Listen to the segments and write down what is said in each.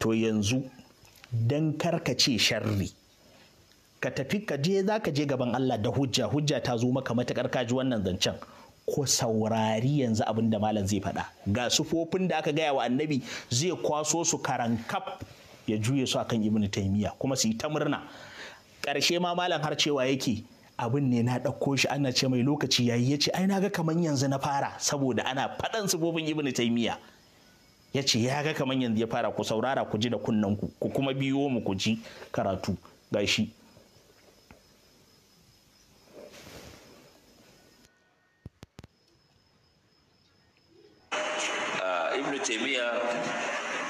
to yanzu dan karkace sharri ka tafi ka je za ka je gaban Allah da hujja hujja ta zo maka matakar kaji wannan zancen ko saurari yanzu abin da malam zai faɗa ga sufofin da aka gaya wa annabi zai kwaso su karankaf ya juye su akan ibnu taimiya kuma su yi ta murna ƙarshe ma malam har cewa yake abin ne na ɗauko shi ana ce mai lokaci yayi ya ce ai na ga kamar yanzu na fara saboda ana faɗan sufofin ibnu taimiya ya ce ya ga kamar yanzu ya fara ku saurara ku ji da kunnen ku ku kuma biyo mu ku ji karatu gashi ibn taimiyya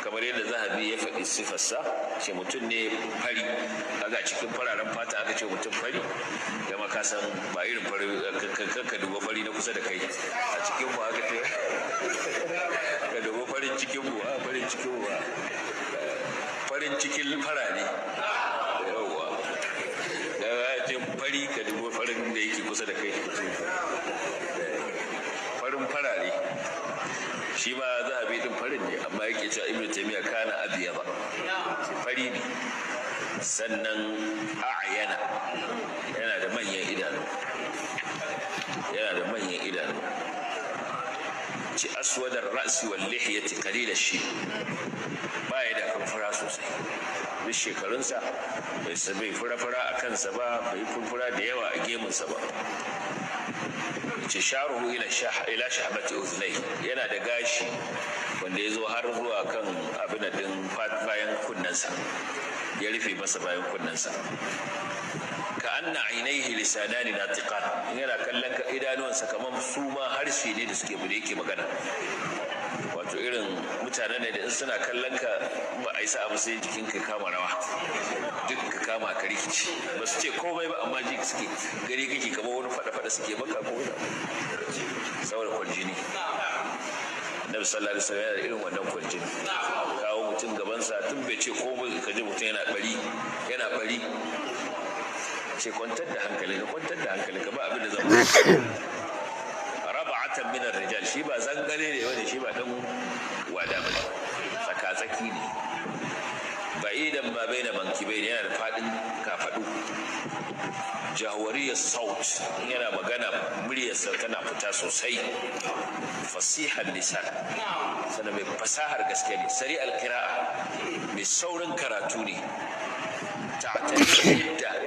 kamar yadda zahabi ya faɗi sifarsa ce mutum ne fari kaga cikin fararen fata aka ce mutum fari da makasan san irin fari ka duba fari na kusa da kai a cikin ba aka ce cikin farin cikin ruwa farin cikin fara ne yawwa da ya ce fari ka dubo farin da yake kusa da kai farin fara ne shi ma za a bidin farin ne amma yake cewa ibn taymiya kana abiya ba fari ne sannan a'yana yana da manyan idanu yana da manyan idanu ce aswadar ra'si wal lihiyati qalil shi ya da kamfura sosai duk shekarunsa bai bai fura-fura a kansa ba bai fura da yawa a gemunsa ba ce sharuhu ila shahabati uznai yana da gashi wanda ya zo har zuwa kan abin din bayan kunnansa ya rufe masa bayan kunnensa ka anna ainihi lisanani natiqan yana kallon ka idanuwansa kamar su ma harshe ne da suke bude yake magana wato irin mutane ne da in suna kallon ka ba a yi sa'a ba sai jikin ka kama rawa duk ka kama ka rikici ba su ce komai ba amma jiki suke gari kake kamar wani fada-fada suke baka ko wani saboda kwarjini annabi sallallahu alaihi wasallam yana da irin wannan kwarjini kawo mutum gabansa tun bai ce komai ka ji mutum yana bari yana bari ce kwantar da hankali ka kwantar da hankali ka ba abin da zan raba'atan min ar-rijal shi ba zangare ne wani shi ba dan wada bane tsaka-tsaki ne ba'idan ma baina bankibai yana da fadin kafadu jahwariyar saut yana magana muryarsa tana fita sosai fasihar lisan sannan mai fasahar gaske ne sari alkira mai saurin karatu ne ta da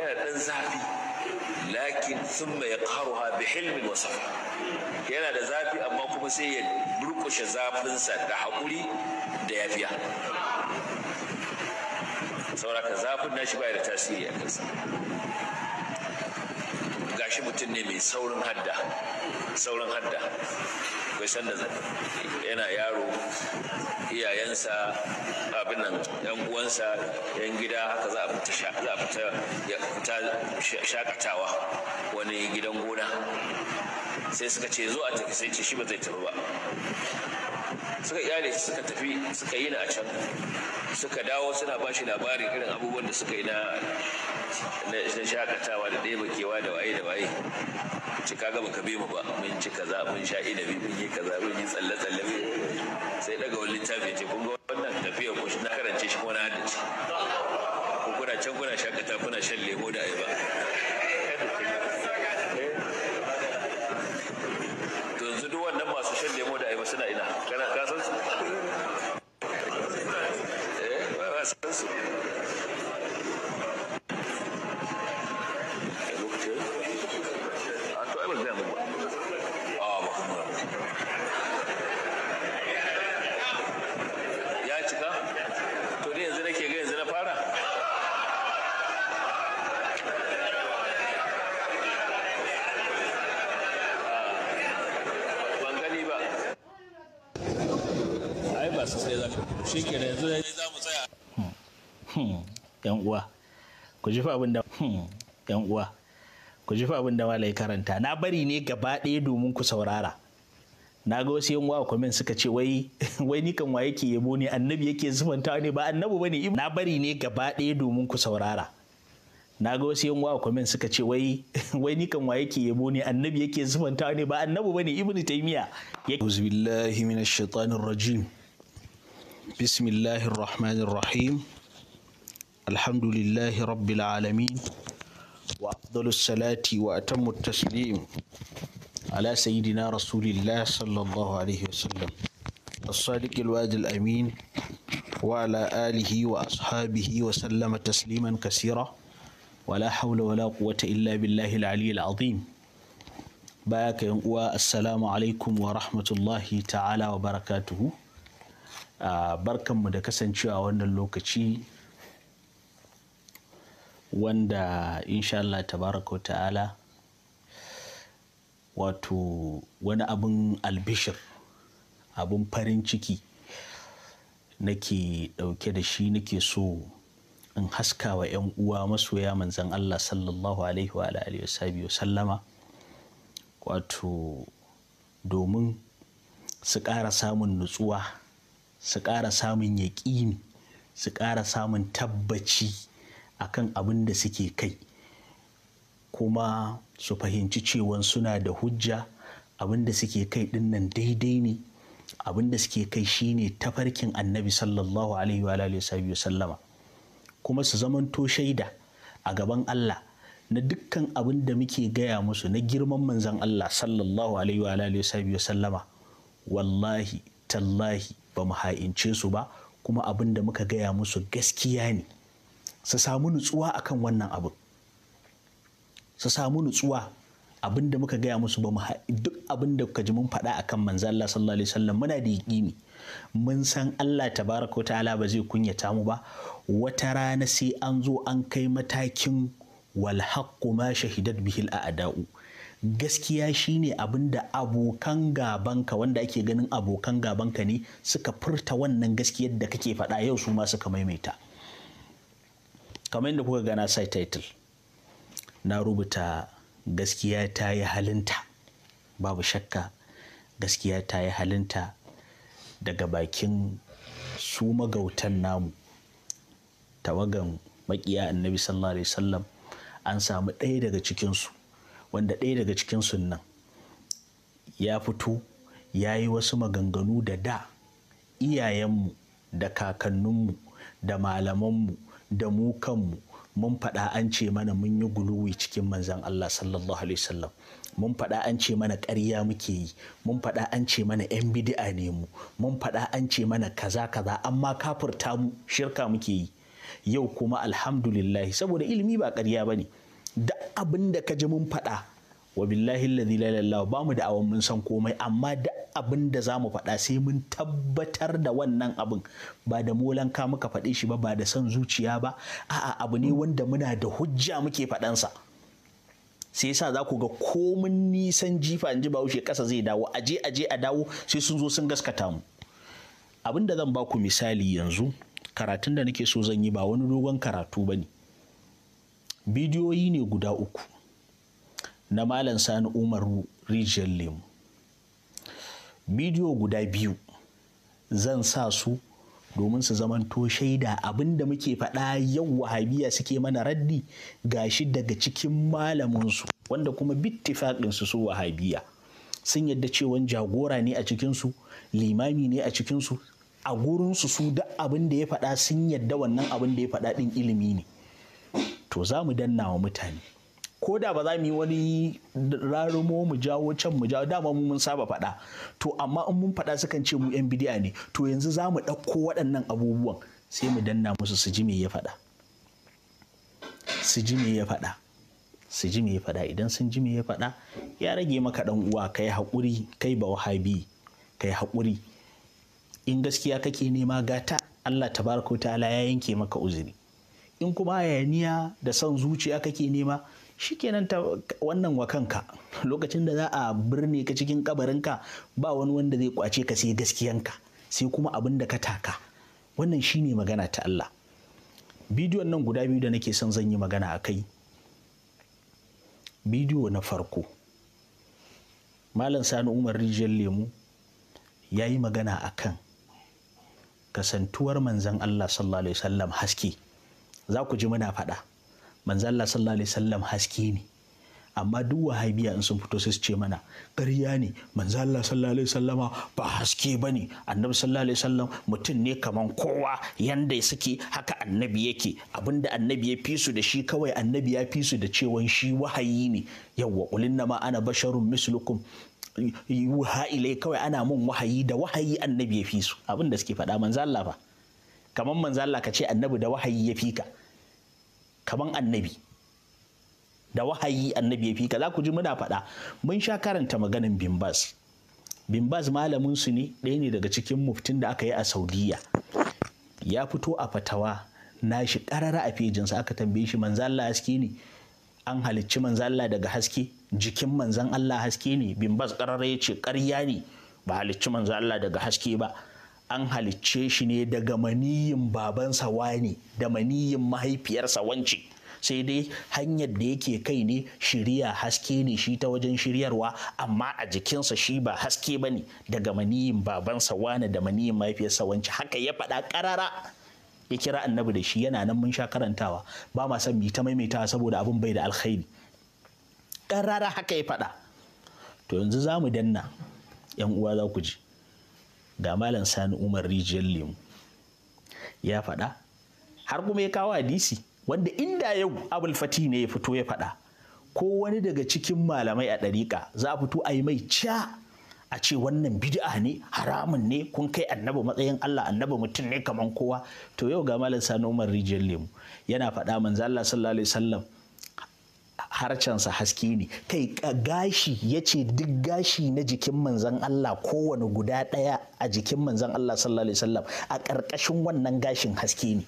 zafi lakin sun mai karuwa bi wa wasu yana da zafi amma kuma sai ya burkushe zafinsa da haƙuri da yafiya sauraka zafin nashi baya da tasiri a kansa gashi mutum ne mai saurin hadda saurin hadda akwai sanda yana yaro iyayensa abin nan yan uwansa yan gida haka za a fita za a fita ya fita shakatawa wani gidan gona sai suka ce zo a tafi sai ce shi ba zai tafi ba suka kyale suka tafi suka yi na a can suka dawo suna ba shi labarin irin abubuwan da suka yi na shakatawa da ɗaya bakewa da waye da waye cika gaba ka bi mu ba mun ci kaza mun sha inabi mun yi kaza mun yi tsalle tsalle sai daga wani littafi ce kun ga wannan ko shi na karance shi kuma na haddace kuna can kuna shakata kuna shan lemo da ayaba kuma suna ina kana ka san su eh ba san su shi ke da yanzu dai za mu tsaya hmm. Hmm. yan uwa ku ji fa abin da hmm. yan uwa ku ji fa da malai karanta na bari ne gaba ɗaya domin ku saurara na ga wasu yan wawa kwamin suka ce wai wai ni kan waye ke yabo ne annabi yake zubantawa ne ba annabi bane na bari ne gaba ɗaya domin ku saurara na ga wasu yan wawa kwamin suka ce wai wai ni kan waye ke yabo ne annabi yake zubantawa ne ba annabi bane ibnu taymiya yake billahi minash shaitanir rajim بسم الله الرحمن الرحيم الحمد لله رب العالمين وأفضل الصلاة وأتم التسليم على سيدنا رسول الله صلى الله عليه وسلم الصادق الواد الأمين وعلى آله وأصحابه وسلم تسليما كثيرا ولا حول ولا قوة إلا بالله العلي العظيم باك السلام عليكم ورحمة الله تعالى وبركاته barkanmu da kasancewa wannan lokaci wanda insha Allah tabaraka ta'ala wato wani abin albishir abin farin ciki nake dauke da shi nake so in haska wa 'yan uwa masoya manzan Allah sallallahu alaihi wa alihi wa sallama wato domin su ƙara samun nutsuwa su ƙara samun yaƙini su ƙara samun tabbaci a kan abin da suke kai kuma su fahimci cewa suna da hujja abin da suke kai dinnan daidai ne abin da suke kai shine tafarkin annabi sallallahu alaihi wa sallama kuma su zamanto shaida a gaban Allah na dukkan abin da muke gaya musu na girman manzan Allah sallallahu alaihi wa sallama wallahi tallahi ba mu ha'ince su ba kuma abin da muka gaya musu gaskiya ne su samu nutsuwa akan wannan abin su samu nutsuwa abin da muka gaya musu ba mu duk abin da kuka ji mun faɗa akan manzo Allah sallallahu alaihi wasallam muna da yaƙini mun san Allah tabaraka wa ta'ala ba zai kunyata mu ba wata rana sai an zo an kai matakin wal haqqu ma shahidat bihi a'da'u gaskiya shine abin da abokan gabanka wanda ake ganin abokan gabanka ne suka furta wannan gaskiyar da kake faɗa yau su ma suka maimaita kamar da kuka gana sai title na rubuta gaskiya ta yi halinta babu shakka gaskiya ta yi halinta daga bakin su magautan namu tawagan makiya annabi sallallahu alaihi wasallam an samu ɗaya daga cikinsu wanda ɗaya daga cikin sunnan ya fito ya yi wasu maganganu da da iyayenmu da kakanninmu da malamanmu da mu kanmu mun faɗa an ce mana mun yi guluwi cikin manzan Allah sallallahu alaihi wasallam mun faɗa an ce mana ƙarya muke yi mun faɗa an ce mana 'yan bidi'a ne mu mun faɗa an ce mana kaza kaza amma kafurta mu shirka muke yi yau kuma alhamdulillah saboda ilimi ba ƙarya ba ne da abin da ka ji mun faɗa wa billahi alladhi la ba mu da mun san komai amma duk abin da za mu faɗa sai mun tabbatar da wannan abin ba da molanka muka faɗe shi ba ba da son zuciya ba a'a abu ne wanda muna da hujja muke faɗansa sai yasa za ku ga komin nisan jifa in ji bahaushe ƙasa zai dawo aje aje a dawo sai sun zo sun gaskata mu abin da zan ba ku misali yanzu karatun da nake so zan yi ba wani dogon karatu ba ne bidiyoyi ne guda uku na malam sani umaru rijiyar lemu bidiyo guda biyu zan sa su domin su zamanto shaida abin da muke faɗa yau wahabiya suke mana raddi gashi daga cikin malaminsu wanda kuma bittifaƙinsu su wahabiya sun yadda cewan jagora ne a cikinsu limami ne a cikinsu a gurinsu su duk abin da ya faɗa sun yadda wannan abin da ya faɗa ɗin ilimi ne to za mu danna wa mutane ko da ba za mu yi wani rarumo mu jawo can mu jawo dama mun saba faɗa to amma in mun faɗa sukan ce mu yan bidiya ne to yanzu za mu ɗauko waɗannan abubuwan sai mu danna musu su ji me ya faɗa su ji me ya faɗa su ji me ya faɗa idan sun ji me ya faɗa ya rage maka ɗan uwa kai haƙuri kai ba wahabi kai haƙuri in gaskiya kake nema gata Allah tabaraka ta'ala ya yanke maka uzuri in kuma hayaniya da son zuciya kake nema shikenan ta wannan wa kanka lokacin da za a birne ka cikin kabarinka ba wani wanda zai kwace ka sai gaskiyanka sai kuma abin da ka taka wannan shine magana ta Allah bidiyon nan guda biyu da nake son zan yi magana a kai bidiyo na farko malam sani umar rijiyar lemu ya yi magana a kan kasantuwar manzan Allah sallallahu alaihi wasallam haske za ku ji muna faɗa manzalla sallallahu alaihi wasallam haske ne amma duk wahabiya in sun fito sai su ce mana ƙarya ne manzo sallallahu alaihi wasallam ba haske bane annabi sallallahu alaihi wasallam mutum ne kamar kowa yanda suke haka annabi yake abinda annabi ya fi su da shi kawai annabi ya fi su da cewan shi wahayi ne yawwa ulinna ma ana basharun mislukum yuha ilai kawai ana mun wahayi da wahayi annabi ya fi su abinda suke faɗa manzo ba kamar manzo Allah ka ce annabi da wahayi ya fi ka kamar annabi da wahayi annabi ya fi ka za ku ji muna faɗa mun sha karanta maganin bimbas bimbas malamin su ne ɗaya ne daga cikin muftin da aka yi a saudiya ya fito a fatawa na shi ƙarara a fejinsa aka tambaye shi manzo Allah haske ne an halicci manzo Allah daga haske jikin manzon Allah haske ne bimbas ƙarara ya ce ƙarya ne ba halicci manzo Allah daga haske ba an halicce shi ne daga maniyin babansa wani da maniyin mahaifiyarsa wance sai dai hanyar da yake kai ne shirya haske ne shi ta wajen shiryarwa amma a jikinsa shi ba haske ba ne daga maniyin babansa wani da maniyin mahaifiyarsa wance haka ya faɗa ƙarara ya kira annabi da shi yana nan mun sha karantawa ba ma son mu ta maimaita saboda abin bai da alkhairi ƙarara haka ya faɗa to yanzu za mu danna yan uwa za ku ji ga malam sani umar rijiyar lemu ya faɗa har kuma ya kawo hadisi wanda inda yau Abulfati ne ya fito ya faɗa ko wani daga cikin malamai a ɗariƙa za a fito a yi mai ca a ce wannan bid'a ne haramun ne kun kai annaba matsayin Allah annaba mutum ne kaman kowa to yau ga malam Sani Umar Rijiyar Lemu yana faɗa manzo Allah sallallahu alaihi wasallam harcensa haske ne kai gashi ya ce duk gashi na jikin manzan Allah kowane guda ɗaya a jikin manzan Allah sallallahu alaihi wasallam a ƙarƙashin wannan gashin haske ne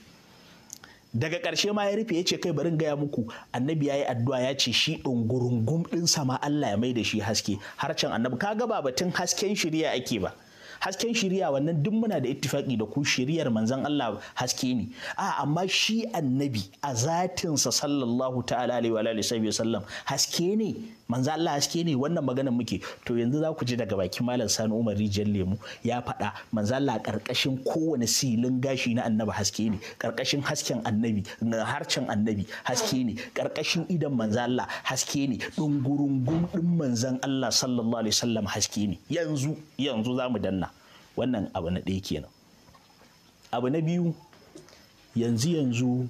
daga ƙarshe ma ya rufe ya ce kai barin gaya muku annabi ya yi addu'a ya ce shi ɗungurungum ɗinsa ma Allah ya mai da shi haske harcen annabi kaga ba batun hasken shirya ake ba hasken shiriya wannan duk muna da ittifaki da ku shiriyar manzon Allah haske ne a amma shi annabi a zatinsa sallallahu ta'ala alaihi wa alihi wasallam haske ne manzo Allah haske ne wannan maganar muke to yanzu za ku ji daga bakin malam Sani Umar Rijiyar Lemu ya faɗa manzo Allah karkashin kowane silin gashi na annabi haske ne karkashin hasken annabi na harcen annabi haske ne karkashin idan manzo Allah haske ne dungurungun din manzon Allah sallallahu alaihi wasallam haske ne yanzu yanzu za mu danna wannan abu na ɗaya kenan abu na biyu yanzu yanzu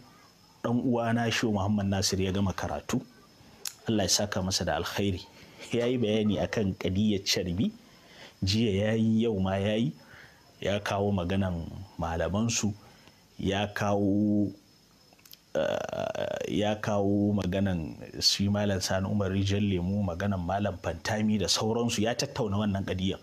dan uwana shi Muhammad Nasir ya gama karatu Allah ya saka masa da alkhairi ya yi bayani akan kadiyar carbi jiya ya yi yau ma ya yi ya kawo maganan malamansu ya kawo eh, ya kawo maganan sui malam sani umar rijal lemu maganan malam fantami da sauransu ya tattauna wannan kadiyar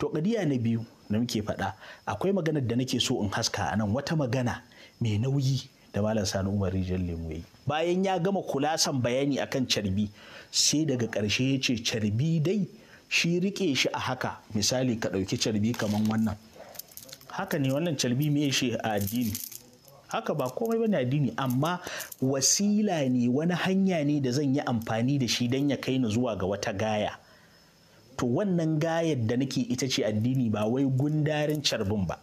to kadiya na biyu na muke faɗa akwai maganar da nake so in haska anan wata magana mai nauyi da malam sani umar rijiyar lemu yayi bayan ya gama kulasan bayani akan carbi sai daga ƙarshe ya ce carbi dai shi rike shi a haka misali ka ɗauki carbi kamar wannan haka ne wannan carbi me shi a addini haka ba komai bane addini amma wasila ne wani hanya ne da zan yi amfani da shi don ya kai ni zuwa ga wata gaya to wannan gayar da nake ita ce addini ba wai gundarin carbin ba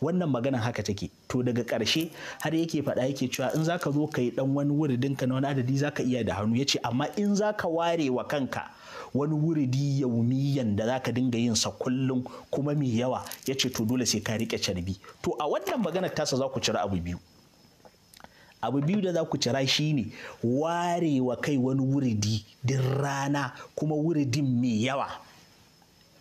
wannan magana haka take to daga ƙarshe har yake faɗa yake cewa in zaka zo ka yi ɗan wani wuridin ka na wani adadi zaka iya da hannu yace amma in zaka ware wa kanka wani wuridi yaumiyan da zaka dinga yin sa kullum kuma mai yawa yace to dole sai ka rike carbi to a wannan maganar tasa za ku cira abu biyu abu biyu da za ku cira shine ware wa kai wani wuridi din rana kuma wuridin mai yawa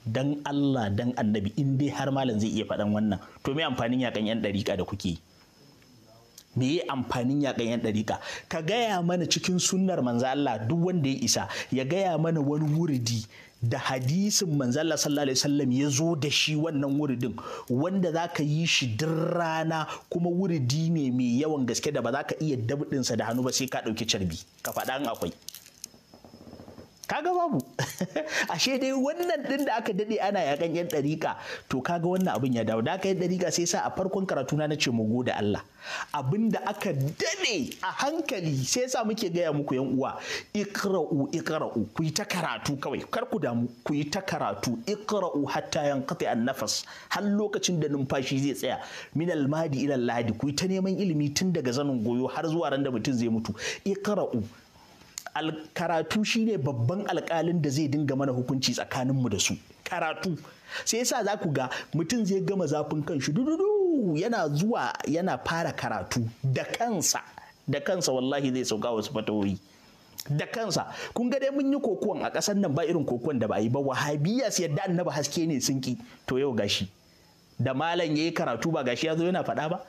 dan Allah dan annabi in dai har malam zai iya faɗan wannan to me amfanin yakan yan ɗariƙa da kuke me yi amfanin yakan yan ɗariƙa ka gaya mana cikin sunnar manzo Allah duk wanda ya isa ya gaya mana wani wuridi da hadisin manzo Allah sallallahu alaihi wasallam ya zo da shi wannan wuridin wanda za ka yi shi duk rana kuma wuridi ne mai yawan gaske da ba za ka iya dabɗinsa da hannu ba sai ka ɗauki carbi ka faɗa akwai kaga babu ashe dai wannan din da aka dade ana yakan yan dariƙa to kaga wannan abin ya dawo da aka yi dariƙa sai sa a farkon karatu na nace mu gode Allah abin da aka dade a hankali sai sa muke gaya muku yan uwa ikra'u ikra'u ku yi ta karatu kawai kar ku damu ku yi ta karatu ikra'u hatta yanqati an-nafas har lokacin da numfashi zai tsaya min madi ila ladi ku yi ta neman ilimi tun daga zanin goyo har zuwa ran da mutum zai mutu ikra'u karatu shine babban alkalin da zai dinga mana hukunci tsakaninmu da su karatu sai yasa za ku ga mutum zai gama zafin kanshi dududu yana zuwa yana fara karatu da kansa da kansa wallahi zai sauka wasu fatawoyi da kansa kun ga dai mun yi kokuwan a ƙasar nan ba irin kokuwan da ba a yi ba wahabiyya su yadda annabi haske ne sun ki to yau gashi da malam ya yi karatu ba gashi ya zo yana faɗa ba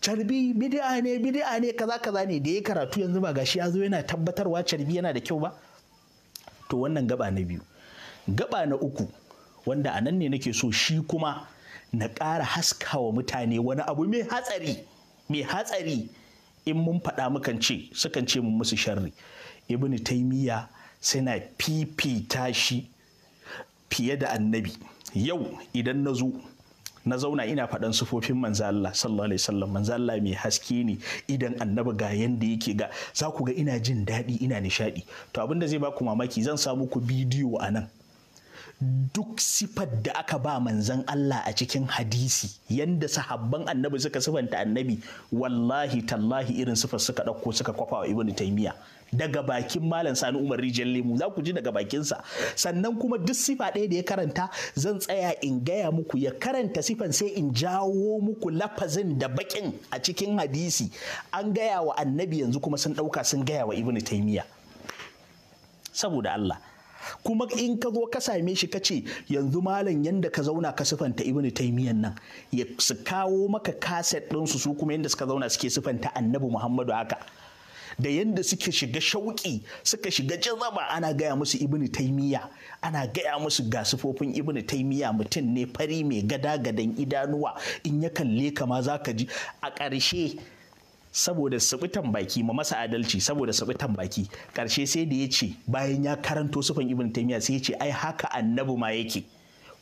carbi bid'a ne bid'a ne kaza kaza ne da ya karatu yanzu ba gashi ya zo yana tabbatarwa carbi yana da kyau ba to wannan gaba na biyu gaba na uku wanda a ne nake so shi kuma na ƙara haskawa mutane wani abu mai hatsari mai hatsari in mun faɗa mukan ce sukan ce mun musu sharri ibn taymiya suna fifita shi fiye da annabi yau idan na zo na zauna ina faɗan sufofin manzo Allah sallallahu alaihi wasallam manzo Allah mai haske ne idan annabi ga yanda yake ga za ku ga ina jin daɗi ina nishaɗi to abin da zai ba ku mamaki zan samu ku bidiyo a nan duk sifar da aka ba manzan Allah a cikin hadisi yanda sahabban annabi suka sifanta annabi wallahi tallahi irin sifar suka ɗauko suka kwafa wa ibnu taymiya daga bakin malam sani umar rijiyar lemu za ku ji daga bakinsa sannan kuma duk sifa ɗaya da ya karanta zan tsaya in gaya muku ya karanta sifan sai in jawo muku lafazin da bakin a cikin hadisi an gaya wa annabi yanzu kuma sun ɗauka sun gaya wa ibnu taimiya saboda allah kuma in ka zo ka same shi ka ce yanzu malam yanda ka zauna ka sifanta ibnu taimiyan nan su kawo maka kaset ɗinsu su kuma yanda suka zauna suke sifanta annabi muhammadu haka da yadda suke shiga shauƙi suka shiga jazaba ana gaya musu ibini taimiya ana gaya musu ga sufofin ibini taimiya mutum ne fari mai gada-gadan idanuwa in ya kalle ka ma za ka ji a ƙarshe saboda sabitan baki ma masa adalci saboda sabitan baki ƙarshe sai da ya ce bayan ya karanto sufan ibini taimiya sai ya ce ai haka annabi ma yake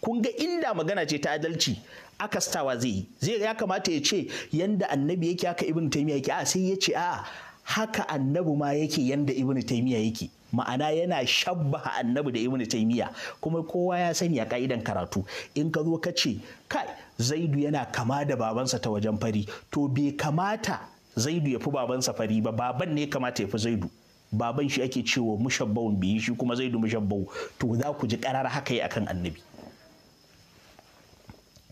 kun ga inda magana ce ta adalci akastawa zai yi zai ya kamata ya ce yanda annabi yake haka ibn taymiya yake a sai ya ce a haka annabi ma yake yanda ibnu taimiya yake ma'ana yana shabbaha annabi da ibnu taimiya kuma kowa ya sani a ka'idan karatu in ka zo ka ce kai zaidu yana kama da babansa ta wajen fari to bai kamata zaidu ya fi babansa fari ba baban ne ya kamata ya fi zaidu baban shi ake cewa mushabbawun biyu shi kuma zaidu mushabbawu to za ku ji karar haka yi akan annabi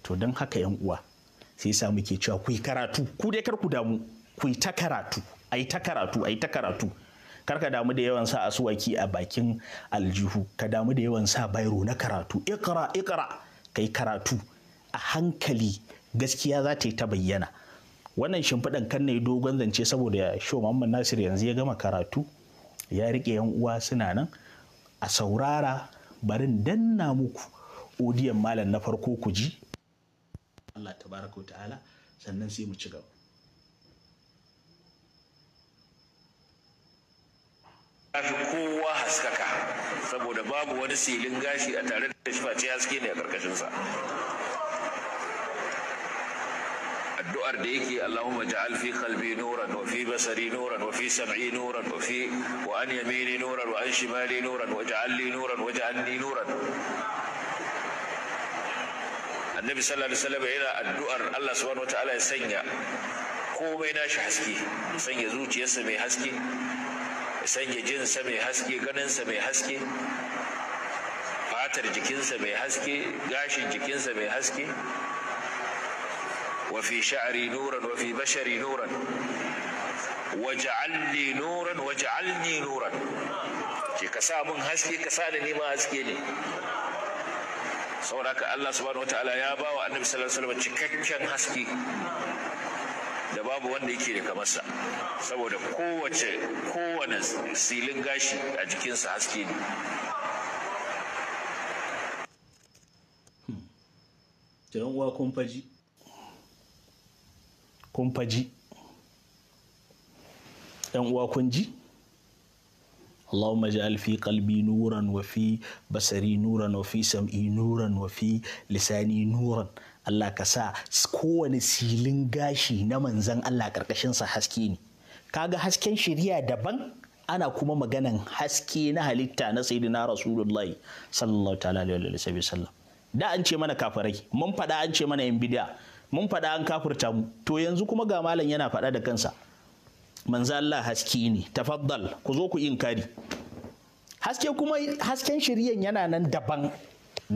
to don haka yan uwa sai sa muke cewa ku yi karatu ku dai kar ku damu ku yi ta karatu a yi ta karatu a yi ta karatu kar ka damu da yawan sa asuwaki a bakin aljihu ka damu da yawan sa bairo na karatu ikra ikra kai karatu a hankali gaskiya za ta yi ta bayyana wannan shimfiɗan kan ne dogon zance saboda sho Muhammad Nasir yanzu ya gama karatu ya rike yan uwa suna nan a saurara barin danna muku odiyan malam na farko ku ji Allah tabaraka ta'ala sannan sai mu ci gaba fi kowa haskaka saboda babu wani silin gashi a tare da shi face haske ne a ƙarƙashinsa addu'ar da yake Allahumma ja'al fi qalbi nuran wa fi basari nuran wa fi sam'i nuran wa fi wa an yamini nuran wa an shimali nuran wa ja'al li nuran wa ja'alni nuran annabi sallallahu alaihi wasallam yana addu'ar Allah subhanahu wataala ya sanya komai nashi haske sanya zuciyarsa mai haske ya sanya jinsa mai haske ganinsa mai haske fatar jikinsa mai haske gashin jikinsa mai haske wafi sha'ari nuran wafi bashari nuran waja'alli nuran waja'alni nuran ce ka sa mun haske ka sa da nima haske ne saboda ka Allah subhanahu wataala ya ba wa annabi sallallahu alaihi wasallam cikakken haske da babu wanda yake da kamarsa saboda kowace kowane silin gashi a jikinsa haske ne hmm. uwa kun faji yan uwa kun ji اللهم اجعل في قلبي نورا وفي بصري نورا وفي سمعي نورا وفي لساني نورا Allah ka sa kowane silin gashi na manzan Allah ƙarƙashinsa haske ne kaga hasken shiriya daban ana kuma maganan haske na halitta na sayyidina rasulullahi sallallahu ta'ala alaihi wa sallam da an ce mana kafirai mun faɗa an ce mana yan bid'a mun faɗa an kafirta mu to yanzu kuma ga malam yana faɗa da kansa Manzan Allah haske ne tafaddal ku zo ku inkari haske kuma hasken shiriyan yana nan daban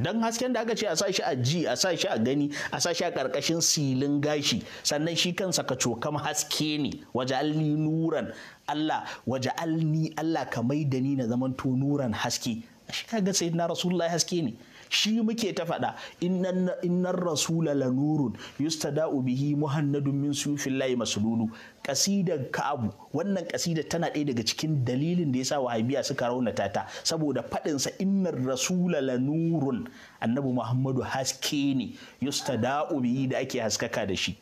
don hasken da aka ce a sa shi a ji a sa shi a gani a sa shi a ƙarƙashin silin gashi sannan shi kansa ka cokam haske ne waje alni nuran Allah waje alni Allah ka mai da ni na zaman nuran haske shi ga sayyidina rasulullahi haske ne shi muke ta faɗa innan rasula la nurun yustada bihi muhannadun min sufillahi maslulu kasidar ka'abu wannan kasidar tana ɗaya daga cikin dalilin da yasa wahabiya suka raunata ta saboda faɗinsa innar rasula la nurun annabi muhammadu haske ne yustada bihi da ake haskaka da shi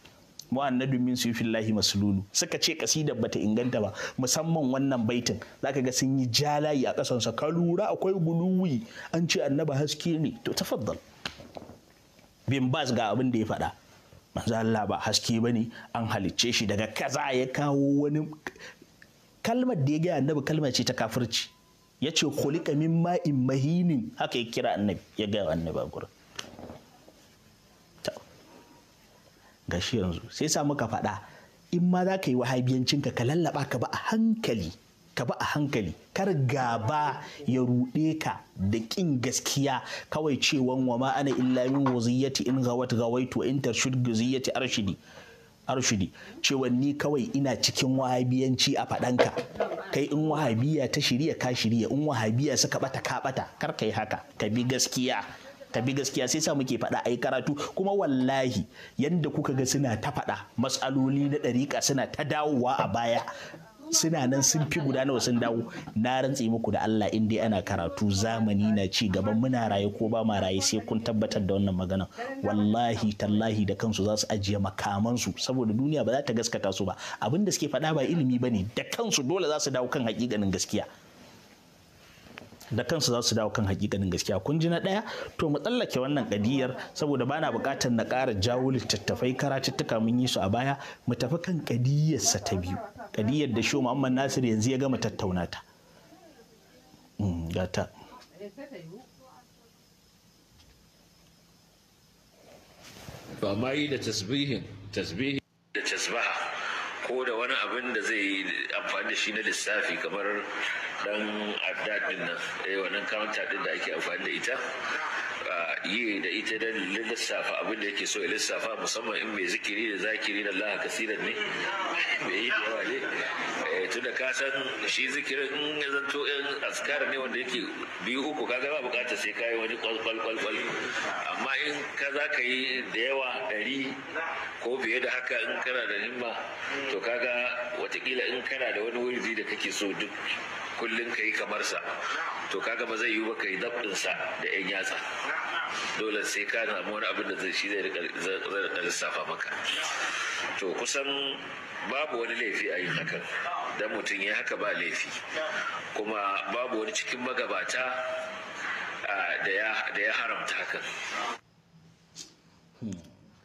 wa annadu min suyufillahi maslulu suka ce kasidar bata inganta ba musamman wannan baitin zaka ga sun yi jalayi a kasansa ka lura akwai guluwi an ce annaba haske ne to tafaddal bin bas ga abin da ya faɗa manzo Allah ba haske bane an halicce shi daga kaza ya kawo wani kalmar da ya ga annabi kalmar ce ta kafirci ya ce kulika min ma'in mahinin haka ya kira annabi ya ga annabi a gurin ga shi yanzu sai sa muka faɗa in ma za ka yi wahabiyancinka ka lallaba ka ba a hankali ka ba a hankali kar gaba ya ruɗe ka da ƙin gaskiya kawai cewan wa ma ana illa min waziyyati in gawat gawaitu in tarshud guziyati arshidi arshidi cewa ni kawai ina cikin wahabiyanci a faɗanka kai in wahabiya ta shirya ka shirya in wahabiya suka bata ka bata kar ka haka ka bi gaskiya ta gaskiya sai sa muke faɗa ai karatu kuma wallahi yanda kuka ga suna ta faɗa matsaloli na ɗariƙa suna ta dawowa a baya suna nan sun fi guda nawa sun dawo na rantse muku da Allah in dai ana karatu zamani na ci gaban muna raye ko ba ma raye sai kun tabbatar da wannan magana wallahi tallahi da kansu za su ajiye makaman su saboda duniya ba za ta gaskata su ba abin da suke faɗa ba ilimi bane da kansu dole za su dawo kan hakikanin gaskiya da kansu za su dawo kan hakikanin gaskiya kun ji na ɗaya to mu tsallake wannan kadiyar saboda bana buƙatar na ƙara jawo littattafai karatuttuka mun yi su a baya mu tafi kan sa ta biyu kadiyar da shi Muhammad Nasir yanzu ya gama tattaunata. ta mm, gata ba ma da tasbihin tasbihi da tasbaha ko da wani abin da zai amfani da shi na lissafi kamar dan adda din nan eh wannan counter din da ake amfani da ita yi da ita dan lissafa abin da yake so ya lissafa musamman in mai zikiri da zakiri da Allah kasiran ne mai yi yawa eh, tunda ka san shi zikirin in ya zanto in askar ne wanda yake biyu uku kaga ba bukata sai kai wani kwal kwal amma in ka za ka yi da yawa ɗari ko fiye da haka in kana da himma to kaga watakila in kana da wani wurdi da kake so duk kullum ka yi kamar sa to kaga ba zai yi ba ka yi dabdin sa da yan yatsa dole sai ka samu wani abin da shi zai rika lissafa maka to kusan babu wani laifi a yin hakan dan mutum ya haka ba laifi kuma babu wani cikin magabata da ya haramta hakan hmm,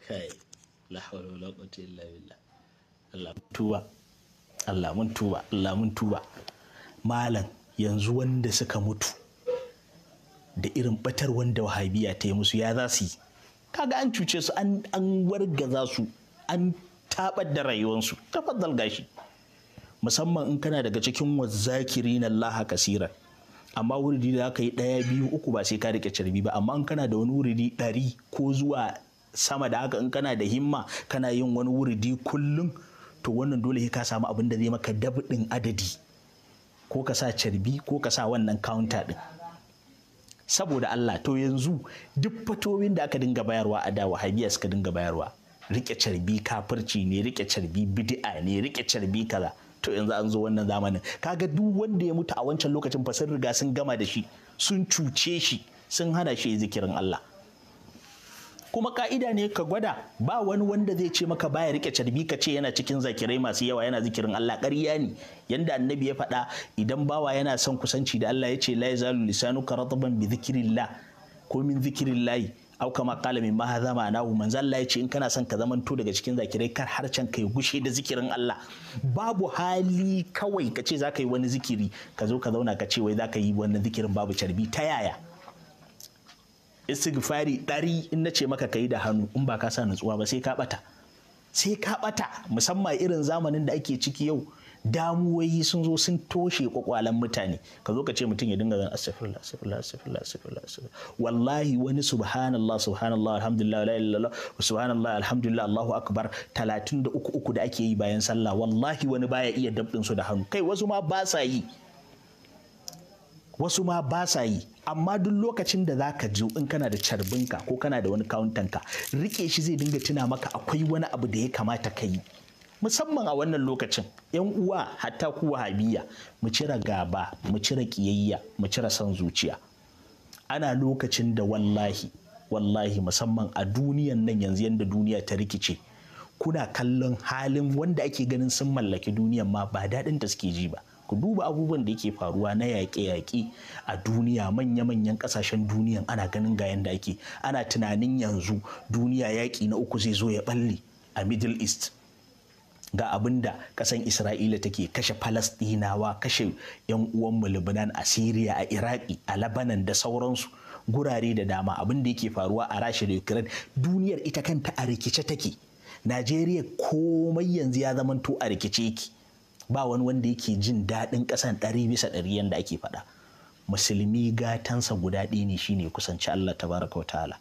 kai Allah mun tuba Allah mun tuba Allah mun tuba malam yanzu wanda suka mutu da irin batar wanda wahabiya ta yi musu ya za su yi kaga an cuce su an wargaza su an tabar da rayuwarsu tafaddal gashi musamman in kana daga cikin wazzakiri na laha kasira amma wuridi da aka yi ɗaya biyu uku ba sai ka rike carbi ba amma in kana da wani wuridi ɗari ko zuwa sama da haka in kana da himma kana yin wani wuridi kullum to wannan dole ka samu abin da zai maka dabɗin adadi ko ka sa carbi ko ka sa wannan counter din saboda Allah to yanzu duk fatoyin da aka dinga bayarwa a da wahabiya suka dinga bayarwa rike carbi kafirci ne rike carbi bid'a ne rike carbi kaza to yanzu an zo wannan zamanin kaga duk wanda ya mutu a wancan lokacin fa sun riga sun gama da shi sun cuce shi sun hana shi zikirin Allah kuma ka'ida ne ka gwada ba wani wanda zai ce maka baya rike carbi ka ce yana cikin zakirai masu yawa yana zikirin Allah ƙarya ne yanda annabi ya faɗa idan bawa yana son kusanci da Allah ya ce la yazalu lisanu rataban bi zikrillah ko min zikrillah au kama qala min mahaza ma'anahu manzal Allah ya ce in kana son ka zamanto daga cikin zakirai kar harcen kai gushe da zikirin Allah babu hali kawai ka ce zaka yi wani zikiri ka zo ka zauna ka ce wai za ka yi wani zikirin babu carbi ta yaya istighfari ɗari in na ce maka ka yi da hannu in ba ka sa nutsuwa ba sai ka ɓata sai ka ɓata musamman irin zamanin da ake ciki yau damuwoyi sun zo sun toshe kwakwalen mutane ka zo ka ce mutum ya dinga zan astaghfirullah astaghfirullah astaghfirullah astaghfirullah wallahi wani subhanallah subhanallah alhamdulillah la ilaha subhanallah alhamdulillah allahu akbar 33 uku da ake yi bayan sallah wallahi wani baya iya dabdin su da hannu kai wasu ma ba sa yi wasu ma ba sa yi amma duk lokacin da za ka ji in kana da carbinka ko kana da wani kawuntanka rike shi zai dinga tuna maka akwai wani abu da ya kamata ka yi musamman a wannan lokacin yan uwa hatta ku wahabiya mu cira gaba mu cira kiyayya mu cira son zuciya ana lokacin da wallahi wallahi musamman a duniyan nan yanzu yanda duniya ta rikice kuna kallon halin wanda ake ganin sun mallaki duniyan ma ba daɗin ta suke ji ba ku duba abubuwan da yake faruwa na yaƙe-yaƙe a duniya manya-manyan ƙasashen duniyan ana ganin ga yanda ake ana tunanin yanzu duniya yaƙi na uku zai zo ya balle a middle east ga abin da ƙasar isra'ila take kashe falastinawa kashe 'yan uwanmu libanan a syria a iraki a labanan da sauransu gurare da dama abin da yake faruwa a rasha da ukraine duniyar ita kanta a rikice take najeriya komai yanzu ya zamanto a rikice yake ba wani wanda yake jin daɗin ƙasan ɗari bisa ɗari yanda ake faɗa musulmi gatansa guda ɗaya ne shine kusanci Allah tabaraka wa ta'ala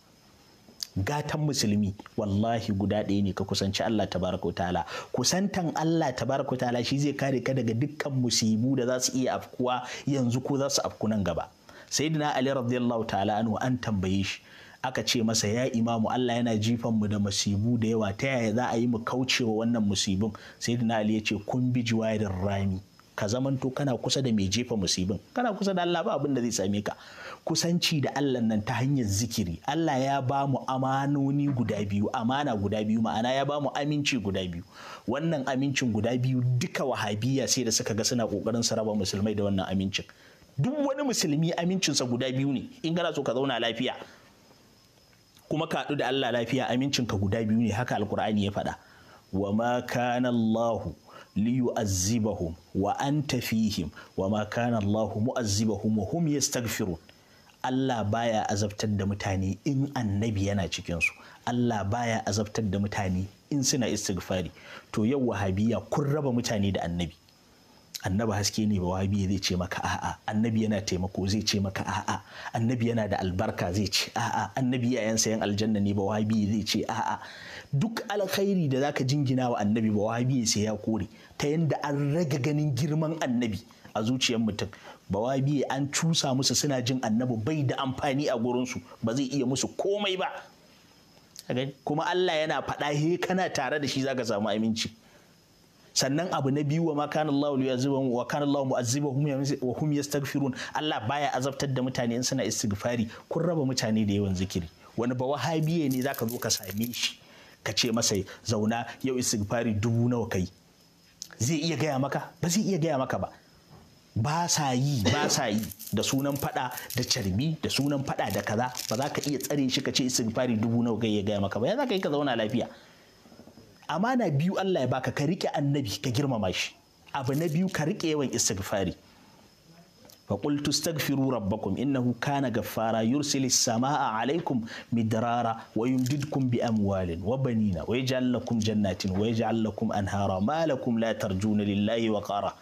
gatan musulmi wallahi guda ɗaya ne ka kusanci Allah tabaraka wa ta'ala kusantan Allah tabaraka wa ta'ala shi zai kare ka daga dukkan musibu da za su iya afkuwa yanzu ko za su afku nan gaba sayyidina ali radiyallahu ta'ala anhu an tambaye shi aka ce masa ya imamu Allah yana jifan mu da musibu da yawa ta yaya za a yi mu kaucewa wannan musibin sai sayyidina Ali ya ce kun bi jiwayar rami ka zamanto kana kusa da mai jefa musibin kana kusa da Allah ba abin da zai same ka kusanci da Allah nan ta hanyar zikiri Allah ya ba mu amanoni guda biyu amana guda biyu ma'ana ya ba mu aminci guda biyu wannan amincin guda biyu duka wahabiyya sai da suka ga suna kokarin su raba musulmai da wannan amincin duk wani musulmi amincinsa guda biyu ne in kana so ka zauna lafiya kuma ka haɗu da Allah lafiya amincinka guda biyu ne haka alkur'ani ya faɗa wa ma kana Allahu liyu'azzibahum wa anta fihim wa ma kana Allah mu'azzibahum wa hum yastaghfirun Allah baya azabtar da mutane in annabi yana cikin su Allah baya azabtar da mutane in suna istighfari to yau wahabiya kun raba mutane da annabi annabi haske ne ba wabi zai ce maka a'a annabi yana taimako zai ce maka a'a annabi yana da albarka zai ce a'a annabi yayan yan aljanna ne ba wabi zai ce a'a duk alkhairi da zaka jingina wa annabi ba wabi sai ya kore ta yanda an rage ganin girman annabi a zuciyar mutum ba wabi an cusa musu suna jin annabi bai da amfani a gurinsu ba zai iya musu komai ba kuma Allah yana faɗa he kana tare da shi zaka samu aminci sannan abu na biyu wa ma kana Allah yu'azibuhum wa kana Allah mu'azibuhum wa hum yastaghfirun Allah baya azabtar da mutane in suna istighfari kun raba mutane da yawan zikiri wani ba wahabiye ne zaka zo ka same shi ka ce masa zauna yau istighfari dubu nawa kai zai iya gaya maka ba zai iya gaya maka ba ba sa yi ba sa yi da sunan fada da carbi da sunan fada da kaza ba za ka iya tsare shi ka ce istighfari dubu nawa kai ya gaya maka ba ya za ka yi ka zauna lafiya amana biyu Allah ya baka ka rike annabi ka girmama shi abu na biyu ka rike yawan istighfari fa qultu astaghfiru rabbakum innahu kana ghaffara yursilis samaa alaikum midrara wa yumdidkum bi amwalin wa banina wa yaj'al lakum jannatin wa yaj'al lakum anhara ma lakum la tarjuna lillahi wa qara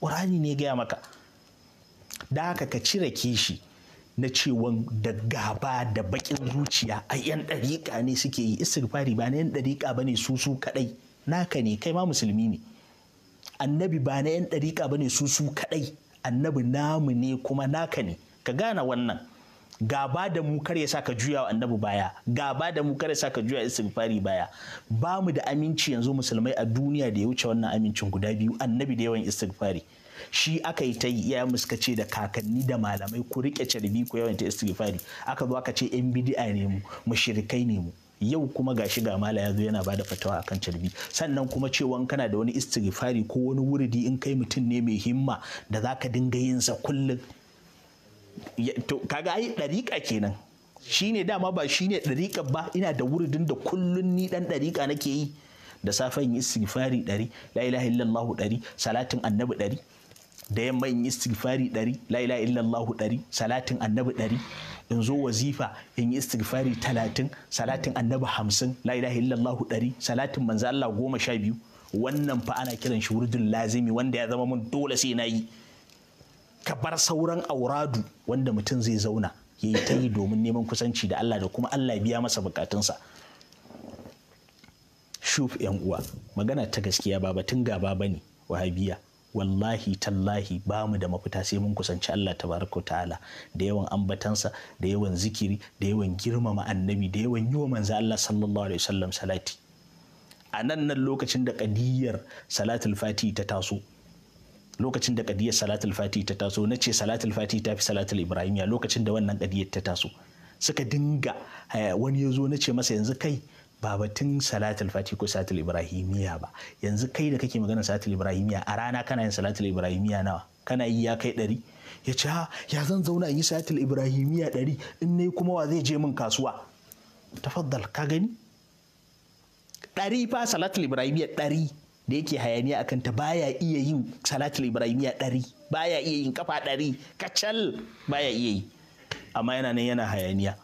qurani ne ga maka da haka ka cire kishi na cewan da gaba da bakin zuciya a yan ɗariƙa ne suke yi istighfari ba na yan ɗariƙa ba ne su su kaɗai naka ne kai ma musulmi ne annabi ba na yan ɗariƙa ba ne su su kaɗai annabi namu ne kuma naka ne ka gana wannan gaba da mu kar ya sa ka juya annabi baya gaba da mu kar ya sa ka juya istighfari baya Bamu da aminci yanzu musulmai a duniya da ya wuce wannan amincin guda biyu annabi da yawan istighfari shi aka yi ta yi iyayen suka ce da kakanni da malamai ku rike carbi ku yawan ta istighfari aka zo aka ce yan bid'a ne mu mushirikai ne mu yau kuma ga ga mala ya zo yana bada fatawa akan carbi sannan kuma cewa kana da wani istighfari ko wani wuridi in kai mutum ne mai himma da zaka dinga yin sa kullum to kaga ai dariƙa kenan shine dama ba shine dariƙa ba ina da wuridin da kullun ni dan dariƙa nake yi da safen istighfari ɗari la ilaha illallah ɗari salatin annabi ɗari da yamma in yi istighfari ɗari la'ila illan illallahu ɗari salatin annabi ɗari in zo wazifa in yi istighfari talatin salatin annabi hamsin la'ila illan illallahu ɗari salatin manzo Allah goma sha biyu wannan fa ana kiran shi wurdun lazimi wanda ya zama mun dole sai na yi ka bar sauran auradu wanda mutum zai zauna ya yi ta yi domin neman kusanci da Allah da kuma Allah biya masa bukatunsa shuf yan uwa magana ta gaskiya ba batun gaba bane wahabiya wallahi tallahi ba mu da mafita sai mun kusanci Allah tabaraka ta'ala da yawan ambatansa da yawan zikiri da yawan girmama annabi da yawan yi wa manzo Allah sallallahu alaihi wasallam salati a nan nan lokacin da kadiyar salatul fati ta taso lokacin da kadiyar salatul fati ta taso na ce salatul fati ta fi salatul ibrahimiya lokacin da wannan kadiyar ta taso suka dinga eh, wani ya zo na ce masa yanzu kai ba batun salatul fati ko salatul ibrahimiya ba yanzu kai da kake magana salatul ibrahimiya a rana kana yin salatul ibrahimiya nawa kana yi ya kai ɗari ya ce ha ya zan zauna in yi salatul ibrahimiya ɗari in ne kuma wa zai je min kasuwa tafaddal ka gani ɗari fa salatul ibrahimiya ɗari da yake hayaniya akan ta baya iya yin salatul ibrahimiya ɗari baya iya yin kafa ɗari kacal baya iya yi amma yana nan yana hayaniya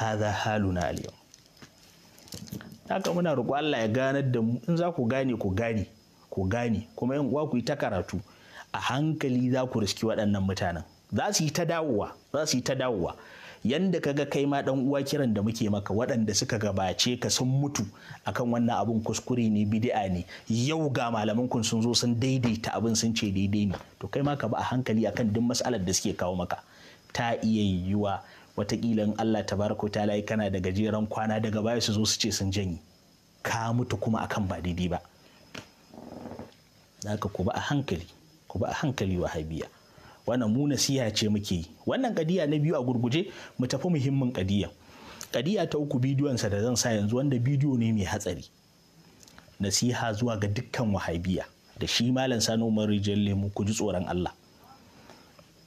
hadha haluna al haka muna roƙo Allah ya ganar da mu in za ku gane ku gane ku gane kuma yin uwa ku yi ta karatu a hankali za ku riski waɗannan mutanen za su yi ta dawowa za su yi ta dawowa yanda ka ga kai ma ɗan uwa kiran da muke maka waɗanda suka gabace ka sun mutu akan wannan abun kuskure ne bidi'a ne yau ga malaman kun sun zo sun daidaita abin sun ce daidai ne to kai ma ka ba a hankali akan duk mas'alar da suke kawo maka ta iya yiwuwa watakila in Allah ta ta ta yi kana da gajeren kwana daga baya su zo su ce sun janye ka mutu kuma akan ba daidai ba za ku ba a hankali ku ba a hankali wahabiya wannan mu nasiha ce muke yi wannan kadiya na biyu a gurguje mu tafi muhimmin kadiya kadiya ta uku bidiyon sa da zan sa yanzu wanda bidiyo ne mai hatsari nasiha zuwa ga dukkan wahabiya da shi malam Sani Umar Rijal Lemu ku ji tsoron Allah